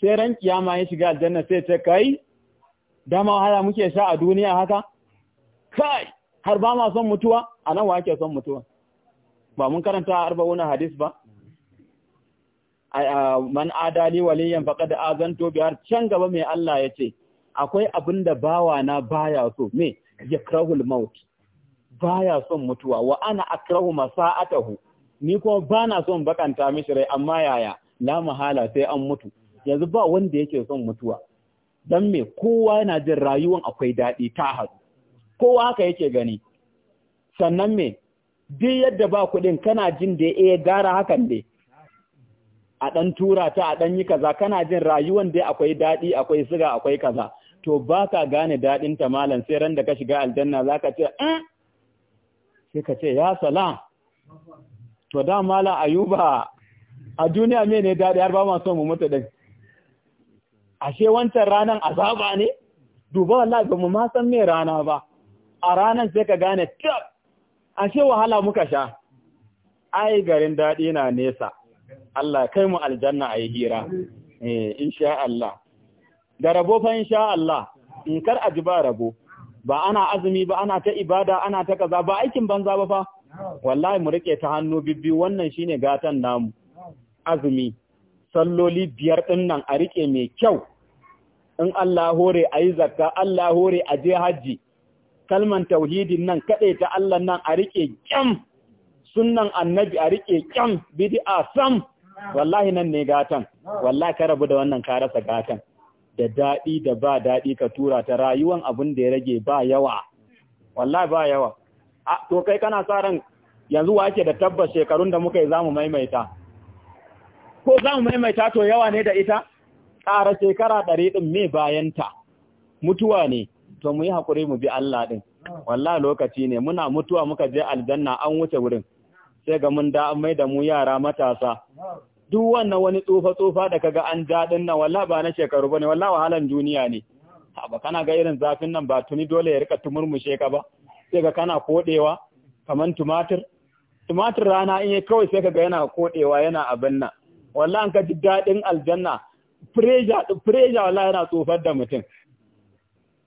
sai ran kiyama ya shiga aljanna sai ce kai dama wahala muke sha a duniya haka kai har ba ma son mutuwa anan nan wa ake son mutuwa ba mun karanta wani hadis ba man adali waliyan faqad azanto biyar can gaba mai Allah ya ce akwai abin da bawa na baya so me krahul maut baya son mutuwa wa ana akrahu masa'atahu ni kuma na son bakanta mishi rai amma yaya la mahala sai an mutu yanzu ba wanda yake son mutuwa dan me kowa yana jin rayuwan akwai daɗi. ta kowa haka yake gani sannan me duk yadda ba kuɗin kana jin da ya eh, gara hakan ne a ɗan tura ta a ɗan yi kaza kana jin rayuwan dai akwai daɗi akwai siga akwai kaza to ba ka gane daɗin ta malam sai ran da ka shiga aljanna za ka ce eh sai ka ce ya salam to da malam ayuba a duniya me ne daɗi har ba ma son mu mutu din ashe wancan ranar azaba ne duba wallahi ba mu ma san me rana ba a ranar sai ka gane tab ashe wahala muka sha ai garin daɗi na nesa Allah kai mu aljanna a yi hira eh insha Allah da rabo fa insha Allah in kar a ji ba rabo ba ana azumi ba ana ta ibada ana ta kaza ba aikin banza ba fa wallahi mu rike ta hannu bibbi wannan shine gatan namu azumi salloli biyar din nan a rike mai kyau in Allah hore ayi zakka Allah hore a je hajji. kalman tauhidin nan kaɗai ta Allah nan a riƙe kyam sunnan annabi a riƙe kyam bid'a sam wallahi nan ne gatan wallahi ka rabu da wannan ka rasa gatan da daɗi da ba daɗi ka tura ta rayuwan abin da ya rage ba yawa wallahi ba yawa a to kai kana sa ran yanzu wake da tabbas shekarun da muka yi zamu maimaita ko zamu maimaita to yawa ne da ita ƙara shekara ɗari ɗin me bayanta mutuwa ne to mu yi haƙuri mu bi Allah ɗin wallahi lokaci ne muna mutuwa muka je aljanna an wuce wurin sai ga mun da an mai da mu yara matasa duk wannan wani tsufa tsufa da kaga an ja din nan wallahi ba na shekaru bane wallahi wahalan duniya ne ba kana ga irin zafin nan ba tuni dole ya rika tumurmushe ka ba sai ga kana kodewa kaman tumatir tumatir rana in kawai sai kaga yana kodewa yana abin nan wallahi an ka ji dadin aljanna pressure pressure wallahi yana tsufar da mutum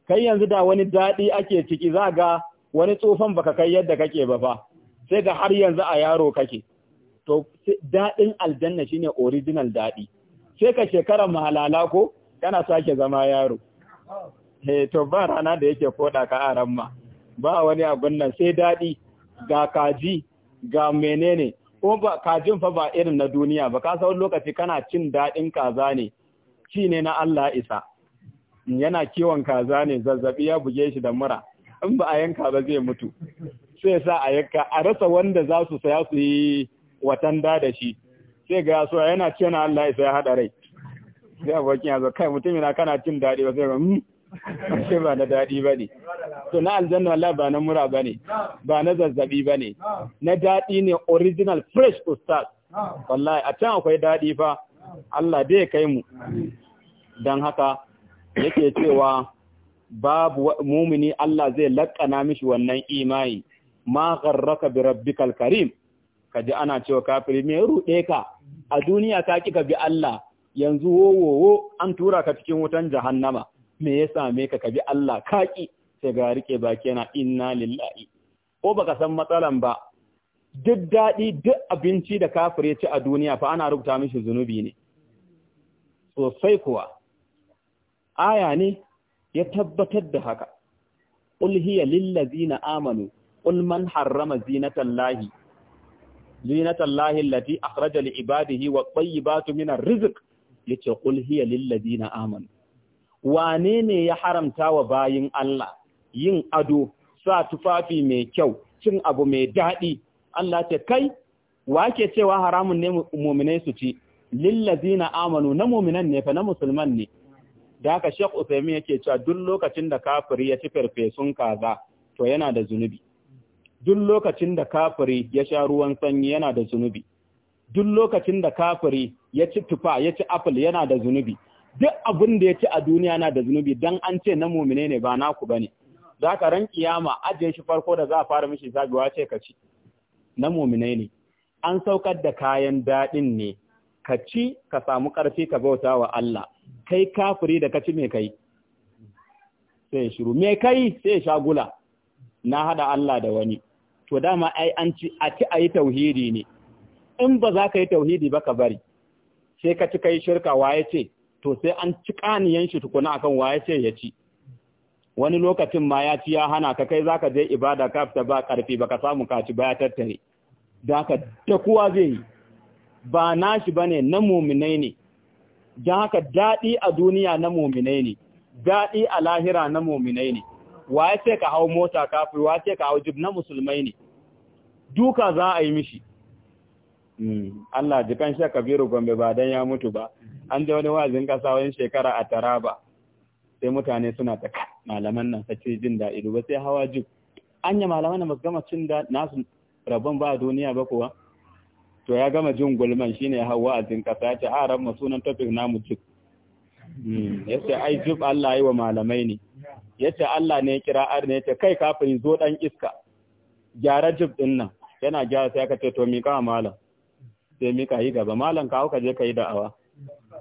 kai yanzu da wani daɗi ake ciki za ga wani tsofan baka kai yadda kake ba fa sai da har yanzu a yaro kake to daɗin aljanna shine original daɗi sai ka shekara mahalala ko kana sake zama yaro he eh, to ba rana da yake koda ka aran ba wani abun nan sai daɗi ga kaji ga menene ko ba kajin fa ba irin na duniya ba ka san lokaci kana cin daɗin kaza ne ci ne na Allah isa yana kiwon kaza ne zazzabi ya buge shi da mura in ba a yanka ba zai mutu sai sa a yanka a rasa wanda za su saya su yi watanda da shi sai ga so yana cewa na Allah sai hada rai sai abokin ya zo kai mutum na kana cin daɗi ba sai ba hmm, sai ba na daɗi ba to na aljanna Allah ba na mura ba ba na zazzabi ba na daɗi ne original fresh to start wallahi a can akwai daɗi fa Allah dai kai mu dan haka yake cewa babu mumini Allah zai laƙana mishi wannan imani ma gharraka bi rabbikal karim kaji ana cewa kafiri me rude ka a duniya ka kika bi Allah yanzu wowowo an tura ka cikin wutan jahannama me ya same ka ka bi Allah kaki sai ga rike baki yana inna lillahi ko baka san matsalan ba duk daɗi duk abinci da kafir ya ci a duniya fa ana rubuta mishi zunubi ne sosai kuwa aya ne ya tabbatar da haka qul hiya lil ladzina amanu qul man harrama zinatallahi zinatallahi allati akhraja li ibadihi ba tayyibatu minar rizik. yace qul hiya lil ladzina amanu wane ne ya haramta wa bayin Allah yin ado sa tufafi mai kyau cin abu mai daɗi Allah ce kai wake cewa haramun ne muminai su ci na amanu na muminan ne fa na musulman ne da haka Sheikh Uthaymeen yake cewa duk lokacin da kafiri ya ci farfesun kaza to yana da zunubi duk lokacin da kafiri ya sha ruwan sanyi yana da zunubi duk lokacin da kafiri ya ci tufa ya ci apple yana da zunubi duk abin da ya ci a duniya yana da zunubi dan an ce na mumine ne ba naku bane za ka ran kiyama ajiye shi farko da za a fara mishi zagiwa ce ka ci na mumine ne an saukar da kayan daɗin ne ka ci ka samu karfi ka bauta wa Allah kai kafiri da kaci me kai sai shiru me kai sai shagula na hada Allah da wani to dama ai an ci a ci ayi tauhidi ne in ba za ka yi tauhidi ba ka bari sai ka ci kai shirka waye ce to sai an ci kaniyan shi tukuna akan waye ce ya ci wani lokacin ma ya ci ya hana ka kai zaka je ibada ka fita ba karfi baka samu ka ci ba ya tattare da ka ta kuwa zai yi ba nashi bane na muminai ne don haka daɗi a duniya na muminai ne daɗi a lahira na muminai ne wa ya ce ka hau mota kafin wa ya ce ka hau jib na musulmai ne duka za a yi mishi hmm, Allah ji jikan sha kabiru gombe ba don ya mutu ba an ji wani wazin kasa wani shekara a taraba sai mutane suna ta malaman nan sace jin daɗi ba sai hawa jib anya malaman da ba su gama cin da nasu rabon ba a duniya ba kuwa to ya gama jin gulman shine hawa a jin kasa ya ce a ah, ran sunan topic namu jib hmm, ya ce ai jib Allah yi wa malamai ne ya ce Allah ne ya kira ar ne ya ce kai kafin zo dan iska gyara jib din nan yana gyara sai aka ce to mika malam sai mika yi gaba malam ka hauka je ka yi da'awa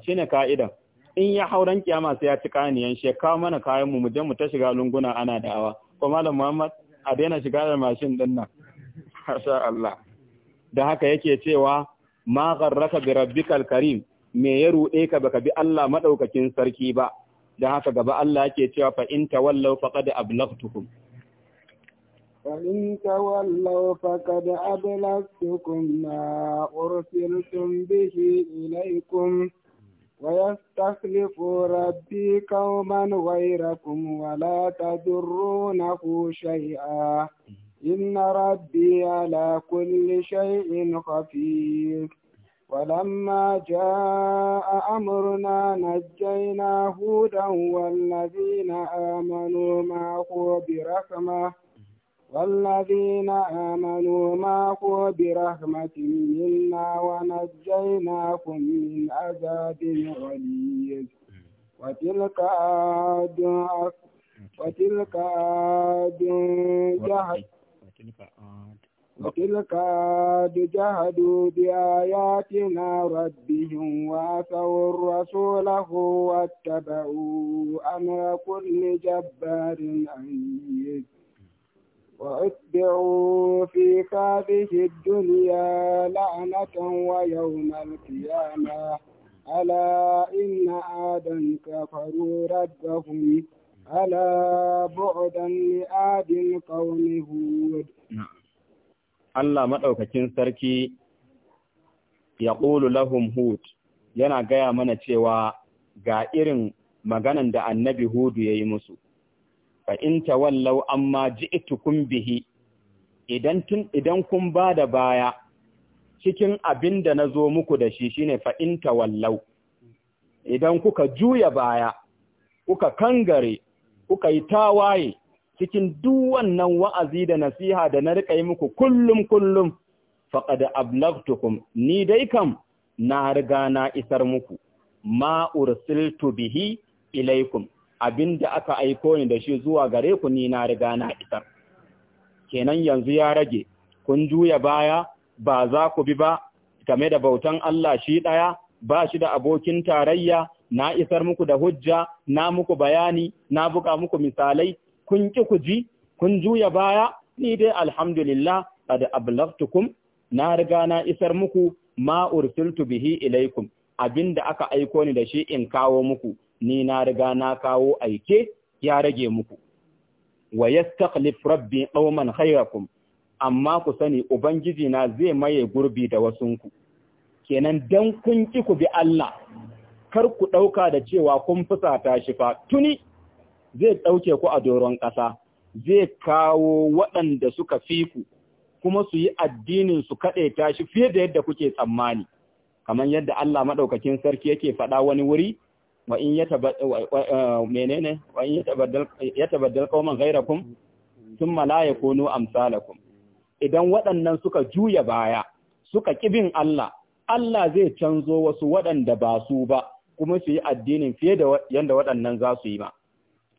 shine ka'idan in ya hauran kiyama sai ya ci kaniyan shi kawo mana kayan mu je mu ta shiga lunguna ana da'awa ko malam Muhammad a daina shiga da mashin din nan Allah da haka yake cewa ma gharraka bi rabbikal karim me ya ruɗe ka baka bi Allah madaukakin sarki ba da haka gaba Allah yake cewa fa in tawallaw faqad ablaghtukum فإن تولوا فقد أبلغتكم ما أرسلتم به إليكم ويستخلف ربي قوما غيركم ولا تضرونه شيئا إن ربي على كل شيء خفير ولما جاء أمرنا نجينا هودا والذين آمنوا معه برحمة والذين آمنوا معه برحمة منا ونجيناكم من عذاب غليظ وتلك عاد وتلك عاد جهد Turka da jihar dubiya ya tuna rabbi yunwa, saurawa, sulawawa, taɓa'u, Amurka, Kunne, Jabba da nayi. Wa iska o fi ka bi idanuniya, la'anatan wayan mulkiyar ma. Ala ina Adam kafar wajen ألا بعدا لآد القوم هود الله مدوكاكين سركي يقول لهم هود yana gaya mana cewa ga irin maganan da annabi Hudu ya yi musu, fa wallau. tawallau amma ji'tukum bihi idan kun ba da baya cikin abin da na zo muku da shi shine fa in tawallau idan kuka juya baya kuka kangare kuka yi tawaye cikin duwannan wa'azi da nasiha da na riƙa yi muku kullum kullum faƙada ablagtukum ni dai kam na riga na isar muku ma ursiltu bihi ilaikum da aka aiko ni da shi zuwa gare ku ni na riga na isar kenan yanzu ya rage kun juya baya ba za ku bi ba game da bautan Allah shi ɗaya, ba shi da abokin tarayya na isar muku da hujja na muku bayani na buka muku misalai kun ƙi ku ji kun juya baya ni dai alhamdulillah qad ablaghtukum na riga na isar muku ma ursiltu bihi ilaikum abinda aka aiko ni da shi in kawo muku ni na riga na kawo aike ya rage muku wa yastaqlif rabbi qauman khayrakum amma ku sani ubangiji na zai maye gurbi da wasunku kenan dan kun ƙi ku bi Allah kar ku ɗauka da cewa kun fusata shi fa tuni zai ɗauke ku a doron ƙasa, zai kawo waɗanda suka fi ku kuma su yi addinin su kaɗe tashi fiye da yadda kuke tsammani. Kamar yadda Allah maɗaukakin sarki yake faɗa wani wuri, wa in ya tabaddal ƙauman kun sun malaya kono amsalakum. Idan waɗannan suka juya baya, suka ƙibin Allah, Allah zai canzo wasu waɗanda ba su ba, kuma su yi addinin fiye da yanda waɗannan za su yi ma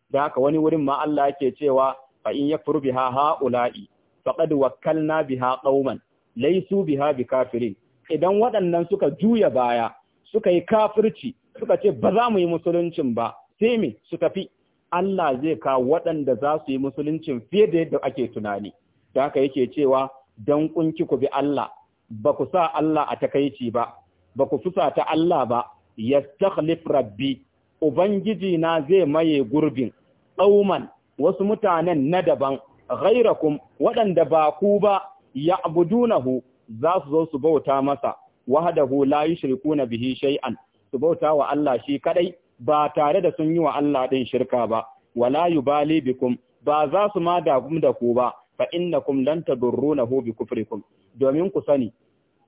da haka wani wurin ma Allah yake cewa fa in yakfuru biha haula'i faqad wakkalna biha qauman laysu biha bikafirin idan waɗannan suka juya baya suka yi kafirci suka ce ba za mu yi musuluncin ba sai me su tafi Allah zai kawo waɗanda za su yi musuluncin fiye da yadda ake tunani da haka yake cewa dan kunki ku bi Allah ba ku sa Allah a takaici ba ba ku fusata Allah ba yastakhlif rabbi ubangiji na zai maye gurbin qauman wasu mutanen na daban ghairakum waɗanda ba ku ba ya'budunahu za su zo su bauta masa wahdahu la yushrikuna bihi shay'an su bauta wa Allah shi kadai ba tare da sun yi wa Allah din shirka ba wala yubali bikum ba za su ma damu da ku ba fa innakum lan tadurrunahu bi kufrikum domin ku sani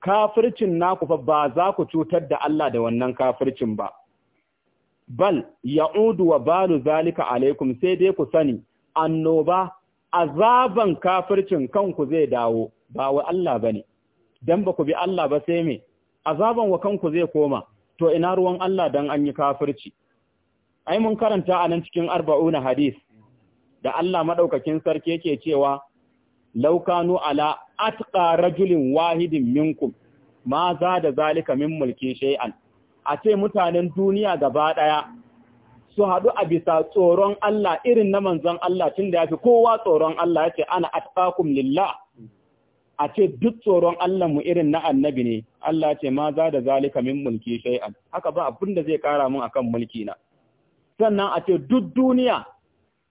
kafircin naku fa ba za ku cutar da Allah da wannan kafircin ba bal ya'udu wa balu zalika alaikum sai dai ku sani annoba azaban kafircin kanku zai dawo ba wa Allah bane dan ba ku bi Allah ba sai me azaban wa kanku zai koma to ina ruwan Allah dan an yi kafirci ai mun karanta a nan cikin arba'una hadis da Allah madaukakin sarki yake cewa laukanu ala atqa rajulin wahidin minkum ma za da zalika min mulki shay'an a ce mutanen duniya gaba daya su haɗu a bisa tsoron Allah irin na manzon Allah tunda yafi ya fi kowa tsoron Allah ya ce ana atqakum lillah a ce duk tsoron Allah mu irin na annabi ne Allah ce ma za da zalika min mulki shay'an haka ba abinda zai kara mun akan mulki na sannan a ce duk duniya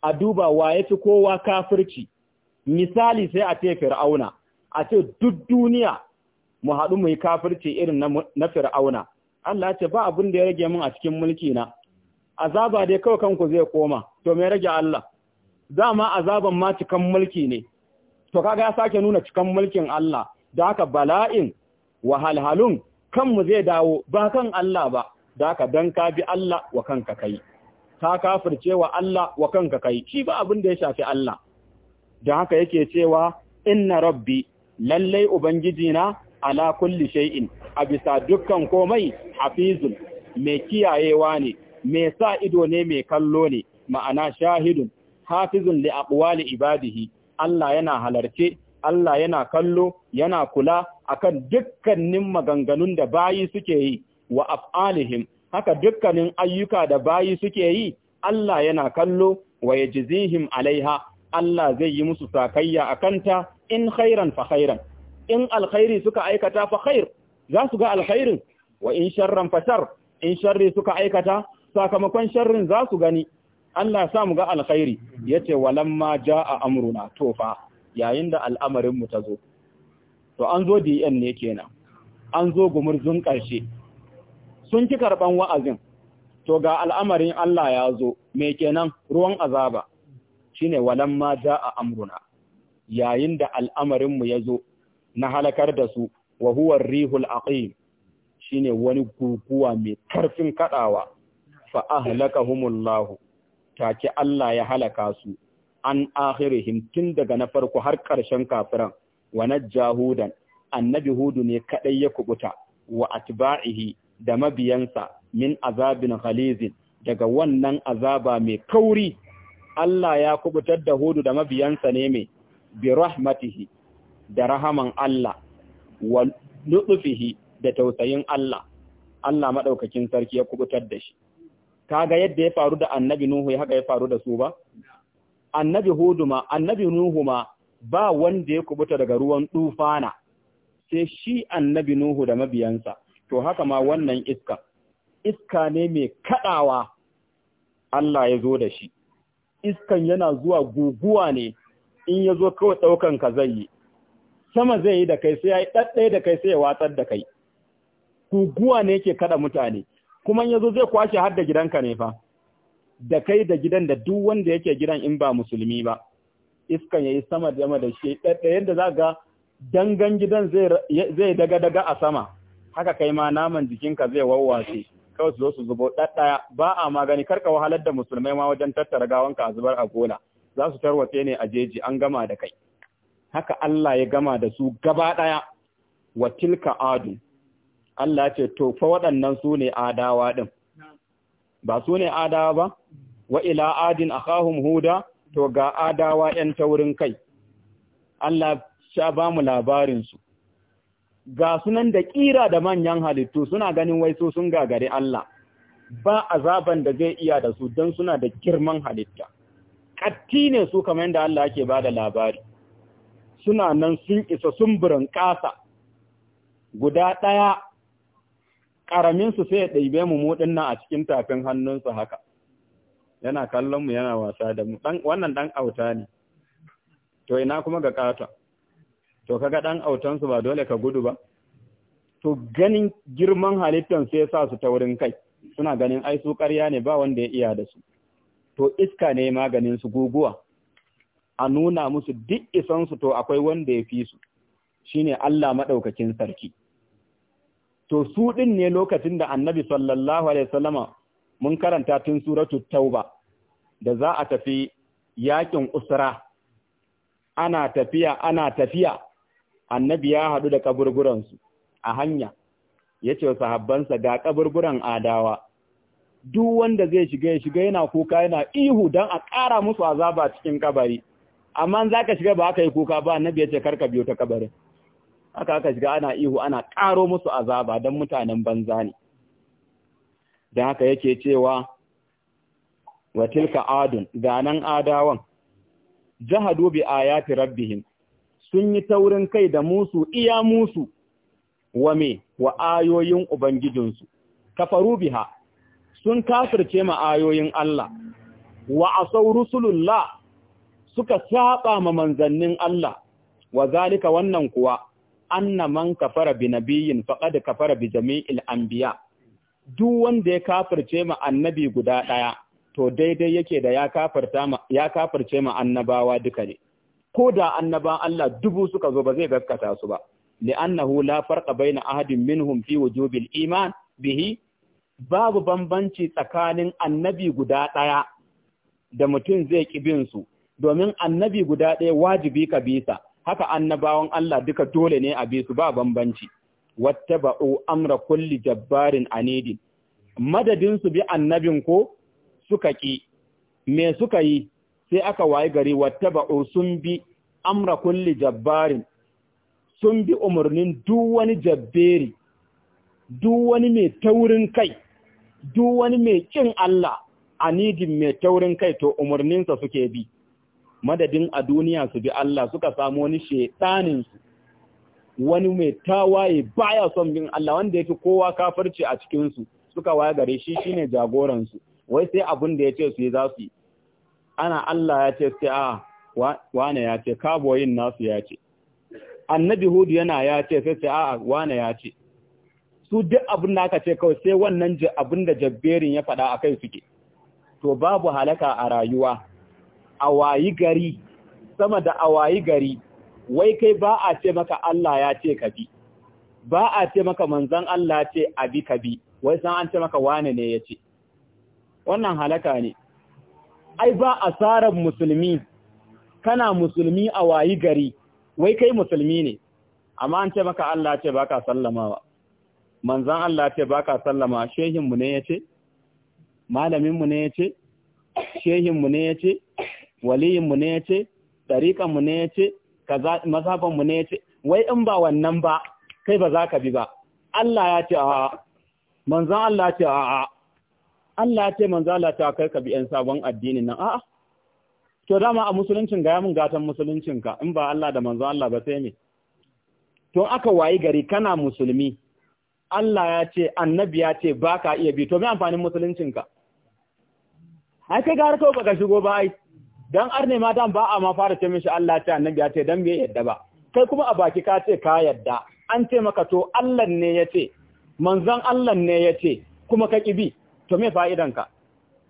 a duba wa yafi kowa kafirci misali sai a ce fir'auna a ce duk duniya mu haɗu mu yi kafirci irin na fir'auna Allah ce ba abin da ya rage min a cikin mulki na azaba dai kawai kanku zai koma to me rage Allah dama azaban ma cikan mulki ne to kaga ya sake nuna cikan mulkin Allah da haka bala'in wahalhalun kanmu zai dawo ba kan Allah ba da haka dan ka bi Allah wa kanka kai ka kafirce wa Allah wa kanka kai shi ba abin da ya shafi Allah da haka yake cewa inna rabbi lallai ubangijina ala kulli shay'in a bisa dukkan komai hafizun mai kiyayewa ne mai sa ido ne mai kallo ne ma'ana shahidun hafizun li aqwali ibadihi Allah yana halarce Allah yana kallo yana kula akan dukkanin maganganun da bayi suke yi wa af'alihim haka dukkanin ayyuka da bayi suke yi Allah yana kallo wa yajzihim alaiha Allah zai yi musu sakayya a kanta in khairan fa khairan in alkhairi suka aikata fa khair za su ga alkhairin wa in sharran fa shar in sharri suka aikata sakamakon sharrin za su gani Allah sa mu ga alkhairi yace walamma jaa amruna to fa yayin da al'amarin mu tazo to an zo DN ne kenan an zo gumurzun karshe sun ki karban wa'azin to ga al'amarin Allah ya zo me kenan ruwan azaba shine walan walamma a amruna yayin da al'amarinmu ya zo na halakar da su wa huwa rihul aqim shine wani guguwa mai karfin kadawa fa ahlakahumullahu take Allah ya halaka su an akhirihim tun daga na farko har ƙarshen kafiran wa najjahudan annabi hudu ne kadai ya kubuta wa atba'ihi da mabiyansa min azabin khalizin daga wannan azaba mai kauri Allah ya kubutar da hudu da mabiyansa ne mai bi rahmatihi da rahaman Allah wa da tausayin Allah Allah madaukakin sarki ya kubutar da shi kaga yadda ya faru da annabi nuhu haka ya faru da su ba annabi hudu ma annabi nuhu ma ba wanda ya kubuta daga ruwan dufana, sai shi annabi nuhu da mabiyansa to haka ma wannan iska iska ne mai kadawa Allah ya zo da shi iskan yana zuwa guguwa ne in ya zo kawai ɗaukan ka zai yi sama zai yi da kai sai ya yi ɗaɗɗaya da kai sai ya watsar da kai guguwa ne yake kaɗa mutane kuma ya zo zai kwashe har da gidanka ne fa da kai da gidan da duk wanda yake gidan in ba musulmi ba iskan ya yi sama da da shi ɗaɗɗaya yadda za ga dangan gidan zai daga-daga a sama haka kai ma naman jikinka zai wawwace kawai su zo su zubo ɗaɗɗaya ba a magani karka wahalar da musulmai ma wajen tattara gawanka a zubar a gona za su tarwatse ne a jeji an gama da kai haka Allah ya gama da su gaba ɗaya wa tilka adu Allah ce to fa waɗannan su ne adawa ɗin ba su ne adawa ba wa ila adin akahum huda to ga adawa 'yan taurin kai Allah sha ba mu su ga sunan da ƙira da manyan halittu suna ganin wai so sun gagari Allah ba azaban da zai iya da su don suna da girman halitta ƙatti ne su kamar yadda Allah yake ba da labari suna nan sun isa sumburin ƙasa guda ɗaya ƙaraminsu sai ya ɗaibe mu muɗin nan a cikin tafin hannunsu haka yana kallon mu yana wasa da mu wannan ɗan auta ne to ina kuma ga ƙata to kaga dan autansu ba dole ka gudu ba to ganin girman halittan sai sa su taurin kai suna ganin ai su ƙarya ne ba wanda ya iya da su to iska ne maganin su guguwa a nuna musu duk isan su to akwai wanda ya fi su shine Allah madaukakin sarki to su din ne lokacin da Annabi sallallahu alaihi wasallama mun karanta tun suratu tauba da za a tafi yakin usra ana tafiya ana tafiya annabi ya haɗu da su a hanya ya ce sahabbansa ga kaburburan adawa duk wanda zai shiga ya shiga yana kuka yana ihu don a ƙara musu azaba cikin kabari amma za ka shiga ba aka yi kuka ba annabi ya ce karka biyo ta kabarin aka aka shiga ana ihu ana ƙaro musu azaba don mutanen banza ne don haka yake cewa wa tilka adun ganan adawan jahadu bi ayati rabbihim sun yi taurin kai da musu iya musu wa me wa ayoyin ubangijinsu kafaru biha sun kafirce ma ayoyin Allah wa asau rusulullah suka saba ma manzannin Allah wa zalika wannan kuwa anna man kafara bi nabiyyin faqad kafara bi jami'il anbiya duk wanda ya kafirce ma annabi guda ɗaya, to daidai yake da ya kafirta ya kafirce ma annabawa duka ne ko da annaban Allah dubu suka zo ba zai gaskata su ba li'annahu la farqa baina ahadin minhum fi wujubil iman bihi babu bambanci tsakanin annabi guda ɗaya da mutum zai kibin su domin annabi guda ɗaya wajibi kabisa, haka annabawan Allah duka dole ne a bisu ba bambanci wattaba'u amra kulli jabbarin anidin madadin su bi annabin ko suka ki me suka yi sai aka wayi gari wattaba'u sun bi amra kulli jabbarin sun bi umarnin duk wani jabberi duk wani mai taurin kai duk wani mai kin Allah anidin mai taurin kai to umarninsa suke bi madadin a duniya su bi Allah suka samu wani shedanin su wani mai tawaye baya son bin Allah wanda yake kowa kafirci a cikin su suka waya gare shi shine jagoran su wai sai abin da yace su yi za su yi ana Allah ya ce sai a ah, wane ya ce kaboyin nasu ya ce annabi hudu yana ya ce sai sai a'a wane ya ce su duk abin da aka ce kawai sai wannan abin da jabberin ya faɗa a kai suke to babu halaka a rayuwa a wayi gari sama da a wayi gari wai kai ba a ce maka Allah ya ce ka bi ba a ce maka manzan Allah ce a bi ka bi wai san an ce maka wane ne ya ce wannan halaka ne ai ba asarar musulmi kana musulmi a wayi gari wai kai musulmi ne amma an ce maka Allah ce baka sallamawa manzan Allah ce baka sallama shehin mu ne yace malamin mu ne yace shehin mu ne yace waliyin mu ne yace tariqan mu ne yace kaza masafan mu ne yace wai in ba wannan ba kai ba za ka bi ba Allah ya ce a'a manzan Allah ce a'a Allah ya ce manzan Allah ta kai ka bi 'yan sabon addinin nan a'a to dama a musuluncin ga mun gatan musuluncinka in ba Allah da manzo Allah ba sai ne to aka wayi gari kana musulmi Allah ya ce annabi ya ce baka iya bi to me amfanin musuluncinka ai kai gara kawai baka shigo ba ai dan arne ma dan ba a ma fara ce mishi Allah ya ce annabi ya ce dan me yadda ba kai kuma a baki ka ce ka yadda an ce maka to Allah ne ya ce manzon Allah ne ya ce kuma ka bi to me fa'idanka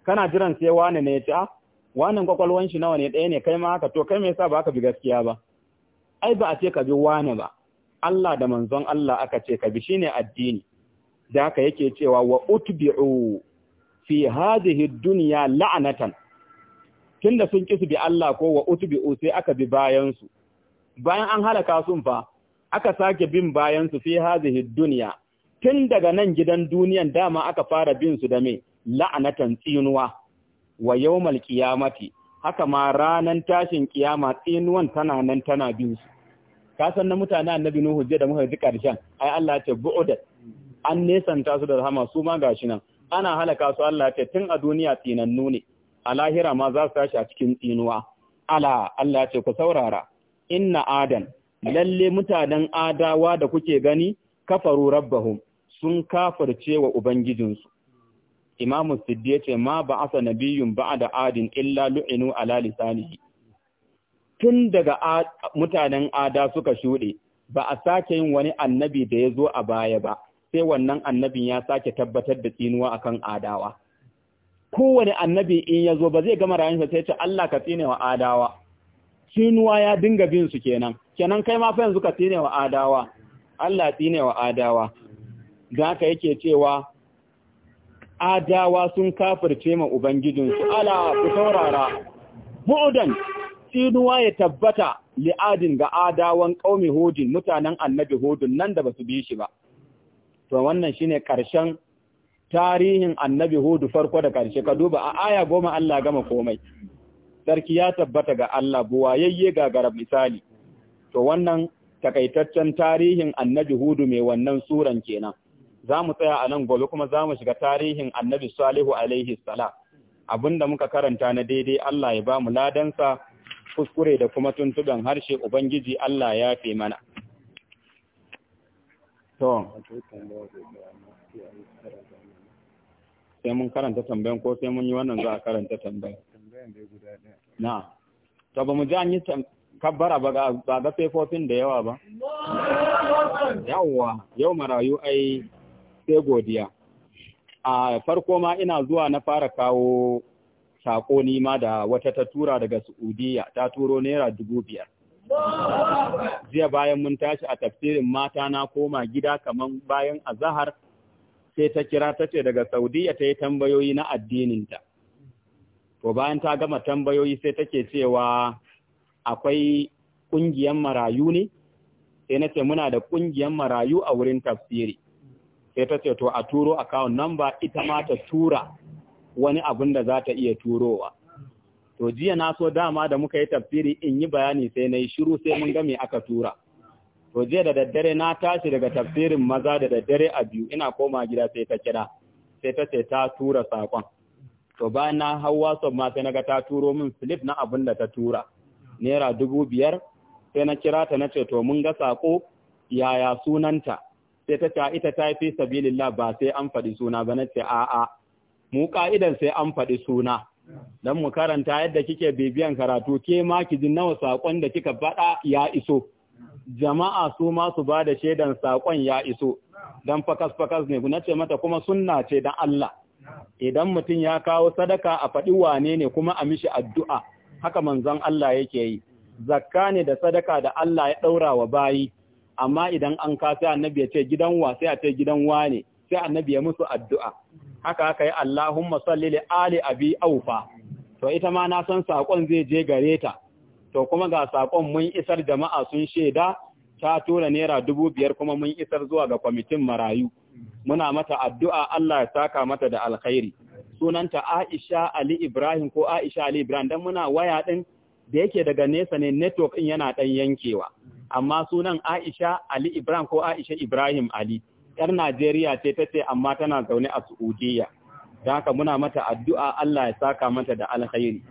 kana jiran sai wani ne ya ce ah wannan kwakwalwan shi nawa ne ɗaya ne kai ma haka to kai me yasa ba ka bi gaskiya ba ai ba a ce ka bi wani ba Allah da manzon Allah aka ce ka bi shine addini da haka yake cewa wa utbi'u fi hadhihi dunya la'natan tunda sun kisu bi Allah ko wa utbi'u sai aka bi bayan su bayan an halaka sun fa aka sake bin bayan su fi hadhihi dunya tun daga nan gidan duniyan dama aka fara bin su da me la'anatan tsinuwa wa yau malƙiyamati, haka ma ranan tashin ƙiyama tsinuwan tana nan tana biyu su kasan na mutane annabi nuhu je da muka ji karshen ai Allah ce ce bu'uda an nesanta su da rahama su ma gashi nan ana halaka su Allah ce tun a duniya tsinannu ne a lahira ma za su tashi a cikin tsinuwa ala Allah ce ku saurara inna adan lalle mutanen adawa da kuke gani kafaru rabbahum sun kafirce wa ubangijinsu imamu siddi ce ma ba a asa ba da adin illa lu'inu ala lisanihi tun daga mutanen ada suka shuɗe ba a sake yin wani annabi da ya zo a baya ba sai wannan annabin ya sake tabbatar da tsinuwa akan adawa kowane annabi in ya zo ba zai gama rayuwarsa sai ce Allah ka tsine wa adawa tsinuwa ya dinga bin su kenan kenan kai ma fa yanzu ka tsine wa adawa Allah tsine wa adawa da yake cewa adawa sun kafirce ma ubangijinsu ala ku saurara bu'udan tsinuwa ya tabbata li'adin ga adawan ƙaumi hudin mutanen annabi hudun nan da ba su bi shi ba to wannan shi ne ƙarshen tarihin annabi hudu farko da karshe ka duba a aya goma Allah gama komai sarki ya tabbata ga Allah buwayayye gagara misali to wannan takaitaccen tarihin annabi hudu mai wannan suran kenan za mu tsaya a nan gobe kuma za mu shiga tarihin annabi salihu alaihi sala abinda muka karanta na daidai Allah ya ba mu ladansa kuskure da kuma tuntuban harshe ubangiji Allah ya fi mana to sai mun karanta tambayan ko sai mun yi wannan za a karanta tambayan na to ba mu ji an yi kabbara ba ga ga faifofin da yawa ba yawwa yau marayu ai sai godiya. A farko ma ina zuwa na fara kawo sako nima da wata ta tura daga Saudiya ta turo naira dubu biyar. Jiya bayan mun tashi a tafsirin mata na koma gida kamar bayan azahar sai ta kira ta ce daga Saudiya ta yi tambayoyi na addininta. To bayan ta gama tambayoyi sai take cewa akwai ƙungiyar marayu ne? Sai na ce muna da ƙungiyar marayu a wurin tafsiri. sai ta ce to a turo account number ita ma ta tura wani abin da za ta iya turowa to jiya na so dama da muka yi tafsiri in yi bayani sai na yi shiru sai mun ga me aka tura to jiya da daddare na tashi daga tafsirin maza da daddare a biyu ina koma gida sai ta kira sai ta ce ta tura sakon to bayan na hau wasan ma sai naga ta turo min slip na abin da ta tura naira dubu biyar sai na kira ta na ce to mun ga sako yaya sunanta sai ta ce ita ta fi sabilillah ba sai an faɗi suna ba na ce a'a mu ka'idan sai an faɗi suna don mu karanta yadda kike bibiyan karatu ke ma ki ji nawa sakon da kika faɗa ya iso jama'a su ma su ba da shaidan saƙon ya iso don fakas-fakas ne na ce mata kuma sunna ce don Allah idan mutum ya kawo sadaka a faɗi wane ne kuma a mishi addu'a haka manzon Allah yake yi zakka ne da sadaka da Allah ya ɗaura wa bayi amma idan an ka sai annabi ya ce gidan wa sai a ce gidan ne, sai annabi ya musu addu'a haka aka yi Allahumma salli li ali abi aufa to ita ma na san sakon zai je gare ta to kuma ga sakon mun isar jama'a sun shaida ta tura naira dubu biyar kuma mun isar zuwa ga kwamitin marayu muna mata addu'a Allah ya saka mata da alkhairi sunanta Aisha Ali Ibrahim ko Aisha Ali Ibrahim dan muna waya din da yake daga nesa ne network in yana ɗan yankewa amma sunan Aisha Ali Ibrahim ko Aisha Ibrahim Ali yar Najeriya ce ta ce amma tana zaune a Saudiya don haka muna mata addu'a Allah ya saka mata da alkhairi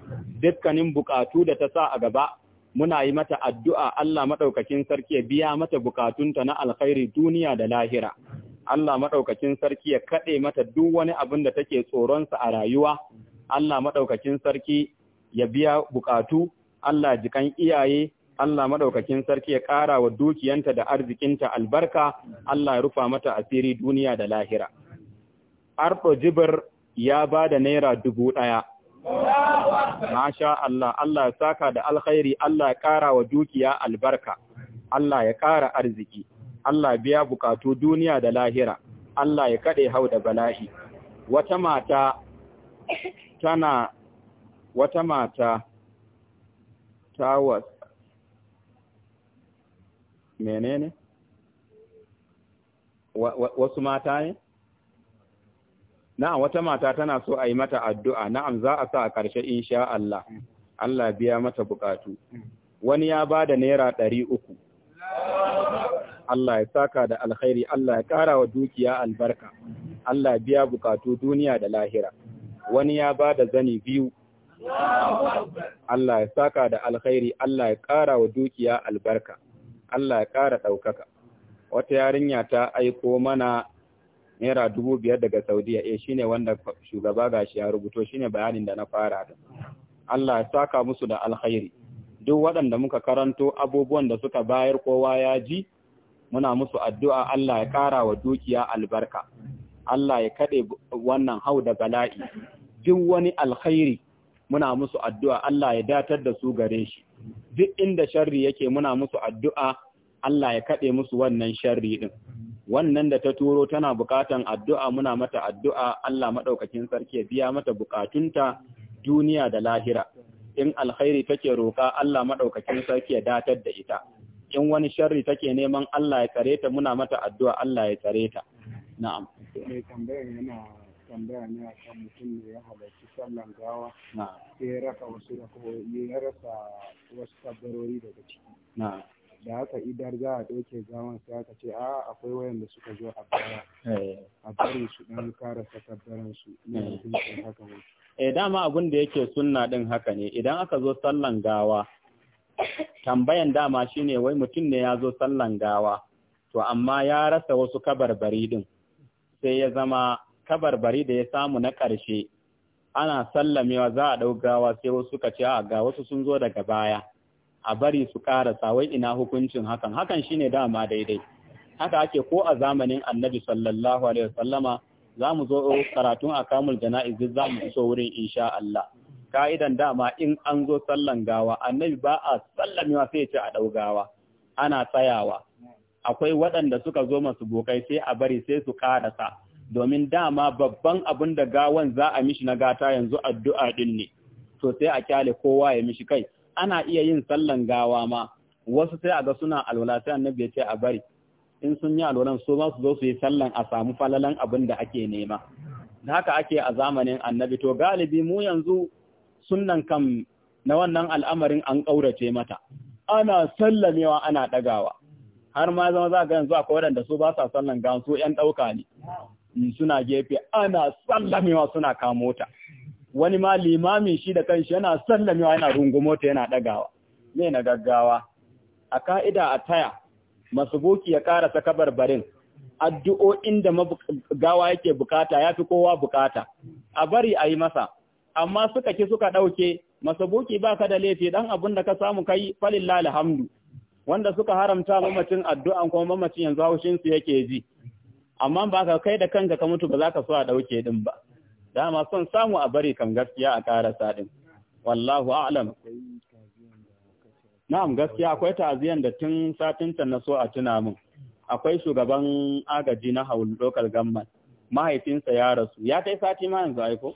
dukkanin bukatu da ta sa a gaba muna yi mata addu'a Allah maɗaukakin sarki ya biya mata bukatunta na alkhairi duniya da lahira Allah maɗaukakin sarki ya kaɗe mata duk wani abin da take tsoronsa a rayuwa Allah maɗaukakin sarki ya biya bukatu Allah jikan iyaye Allah madaukakin sarki ya ƙara wa dukiyanta da arzikinta albarka Allah ya rufa mata asiri duniya da lahira Arɗo Jibir ya ba da naira dubu ɗaya Masha Allah Allah ya saka da alkhairi Allah ya ƙara wa dukiya albarka Allah ya ƙara arziki Allah biya bukatu duniya da lahira Allah ya kaɗe hau da bala'i wata mata tana wata mata tawas menene wasu mata ne na'am wata mata tana so a yi mata addu'a na'am za a sa a ƙarshe insha Allah Allah biya mata bukatu wani ya ba da naira ɗari uku Allah ya saka da alkhairi Allah ya ƙara wa dukiya albarka Allah biya bukatu duniya da lahira wani ya ba da zani biyu Allah ya saka da alkhairi, Allah ya ƙara wa dukiya albarka, Allah ya ƙara ɗaukaka. Wata yarinya ta aiko mana Naira dubu biyar daga Saudiya, eh shine wanda shugaba shi ya rubuto shine bayanin da na fara da. Allah ya saka musu da alkhairi. Duk waɗanda muka karanto abubuwan da suka bayar kowa ya ji, muna musu addu'a Allah ya ƙara wa dukiya albarka. Allah ya kaɗe wannan hau da bala'i. Duk wani alkhairi muna musu addu'a Allah ya datar da su gare shi duk inda sharri yake muna musu addu'a Allah ya kaɗe musu wannan sharri ɗin wannan da ta turo tana bukatan addu'a muna mata addu'a Allah maɗaukakin sarki ya biya mata bukatunta duniya da lahira in alkhairi take roƙa Allah maɗaukakin sarki ya datar da ita in wani sharri take neman Allah ya tsare ta muna mata addu'a Allah ya tsare ta na'am tambaya ne a kan mutum ne ya halarci sallan gawa sai ya raka wasu ya rasa wasu tabbarori daga ciki da haka idar za a ɗauke gawan sai aka ce a akwai wayanda suka zo a baya eh. a bari su ɗan kara tabbaran su ne eh. mutum ke haka ne eh dama abin da yake sunna din haka ne idan aka zo sallan gawa tambayan dama shine wai mutum ne ya zo sallan gawa to amma ya rasa wasu kabarbari din sai ya zama tabarbari da ya samu na ƙarshe ana sallamewa za a ɗau gawa sai wasu suka ce a ga wasu sun zo daga baya a bari su ƙarasa wai ina hukuncin hakan hakan shine dama daidai haka ake ko a zamanin annabi sallallahu alaihi wasallama za mu zo karatun a kamul jana'iz za mu iso wurin insha Allah ka'idan dama in an zo sallan gawa annabi ba a sallamewa sai ce a ɗau gawa ana tsayawa akwai waɗanda suka zo masu bokai sai a bari sai su ƙarasa domin dama babban abin da gawan za a mishi na gata yanzu addu'a din ne, to sai a kyale kowa ya mishi kai, ana iya yin sallan gawa ma, wasu sai a ga suna alwala sai annabi ya ce a bari, in sun yi alwalan so ma su zo su yi sallan a samu falalan abin da ake nema. Da haka ake a zamanin annabi, to galibi mu yanzu sunnan kam na wannan al'amarin an ƙaurace mata, ana sallamewa ana ɗagawa. Har ma zama za ga yanzu akwai waɗanda su ba sa sallan gan su ‘yan ɗauka ne, suna gefe ana sallamewa suna kamo ta wani ma limamin shi da kanshi yana sallamewa yana rungumo ta yana dagawa me na gaggawa a ka'ida a taya masubuki ya karasa kabarbarin addu'o'in da gawa yake bukata ya fi kowa bukata a bari a yi masa amma suka ki suka ɗauke masabuki ba ka da laifi dan abin da ka samu kai falin lalahamdu wanda suka haramta mamacin addu'an kuma mamacin yanzu haushinsu yake ji amma ba ka kai da kanka ka mutu ba za ka so a ɗauke din ba dama son samu a bari kam gaskiya a karasa din wallahu a'lam na'am gaskiya akwai ta'aziyan da tun satin can na so a tuna min akwai shugaban agaji na haul local government mahaifinsa ya rasu ya kai sati ma yanzu aiko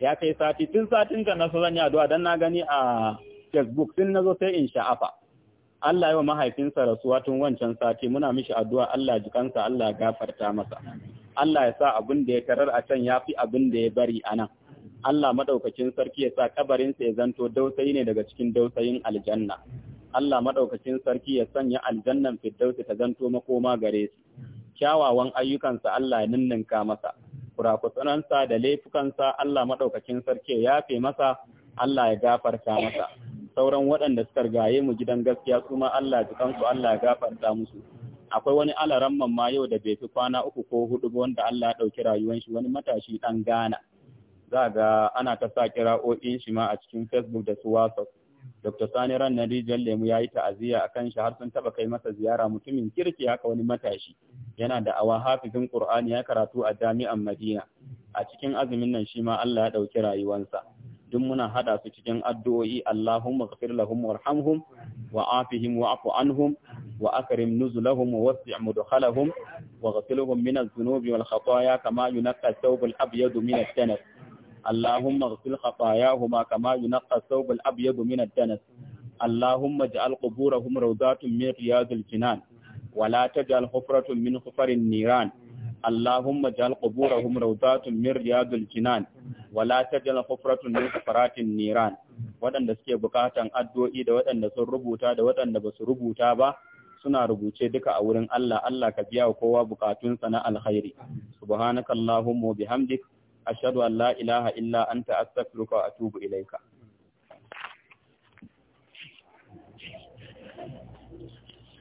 ya kai sati tun satin can na so zan yi addu'a dan na gani a facebook tun na zo sai in sha'afa Allah yi wa mahaifinsa rasuwa tun wancan sati muna mishi addu'a Allah jikansa Allah gafarta masa. Allah ya sa abin da ya karar a can ya fi abin da ya bari a nan. Allah maɗaukacin sarki ya sa kabarinsa ya zanto dausayi ne daga cikin dausayin aljanna. Allah maɗaukacin sarki ya sanya aljannan firdausi ta zanto makoma gare su. Kyawawan ayyukansa Allah ya ninninka masa. Kurakusanansa da laifukansa Allah maɗaukacin sarki ya yafe masa, Allah ya gafarta masa. sauran waɗanda suka gaye mu gidan gaskiya su ma Allah ji kansu Allah gafarta musu akwai wani alaran mamma yau da bai fi kwana uku ko hudu ba wanda Allah ya ɗauki rayuwar shi wani matashi dan Ghana za ga ana ta sa kira'o'in shi ma a cikin Facebook da su WhatsApp Dr. Sani Ran na rijiyar lemu ya yi ta'aziyya a kan shi har sun taɓa kai masa ziyara mutumin kirki haka wani matashi. Yana da awa hafizin Ƙur'ani ya karatu a jami'an Madina. A cikin azumin nan shi ma Allah ya ɗauki rayuwansa. duk muna hada su cikin addu'o'i Allahumma ghfir lahum warhamhum wa afihim wa afu anhum wa akrim nuzulahum wa wasi' mudkhalahum wa ghfirhum min adh-dhunubi wal khataaya kama yunqqa ath-thawb al-abyad min ad-danas Allahumma ghfir khataayahuma kama yunqqa ath-thawb al-abyad min ad-danas Allahumma ij'al quburahum rawdatun min riyadil jinan wala tajal hufratun min hufarin niran اللهم اجعل قبورهم روضات من رياض الجنان ولا تجعل حفرة من حفرات النيران waɗanda suke bukatan addu'o'i da waɗanda sun rubuta da waɗanda ba su rubuta ba suna rubuce duka a wurin Allah Allah ka biya wa kowa bukatunsa na alkhairi subhanakallahumma wa bihamdik ashhadu an la ilaha illa anta astaghfiruka wa atubu ilaika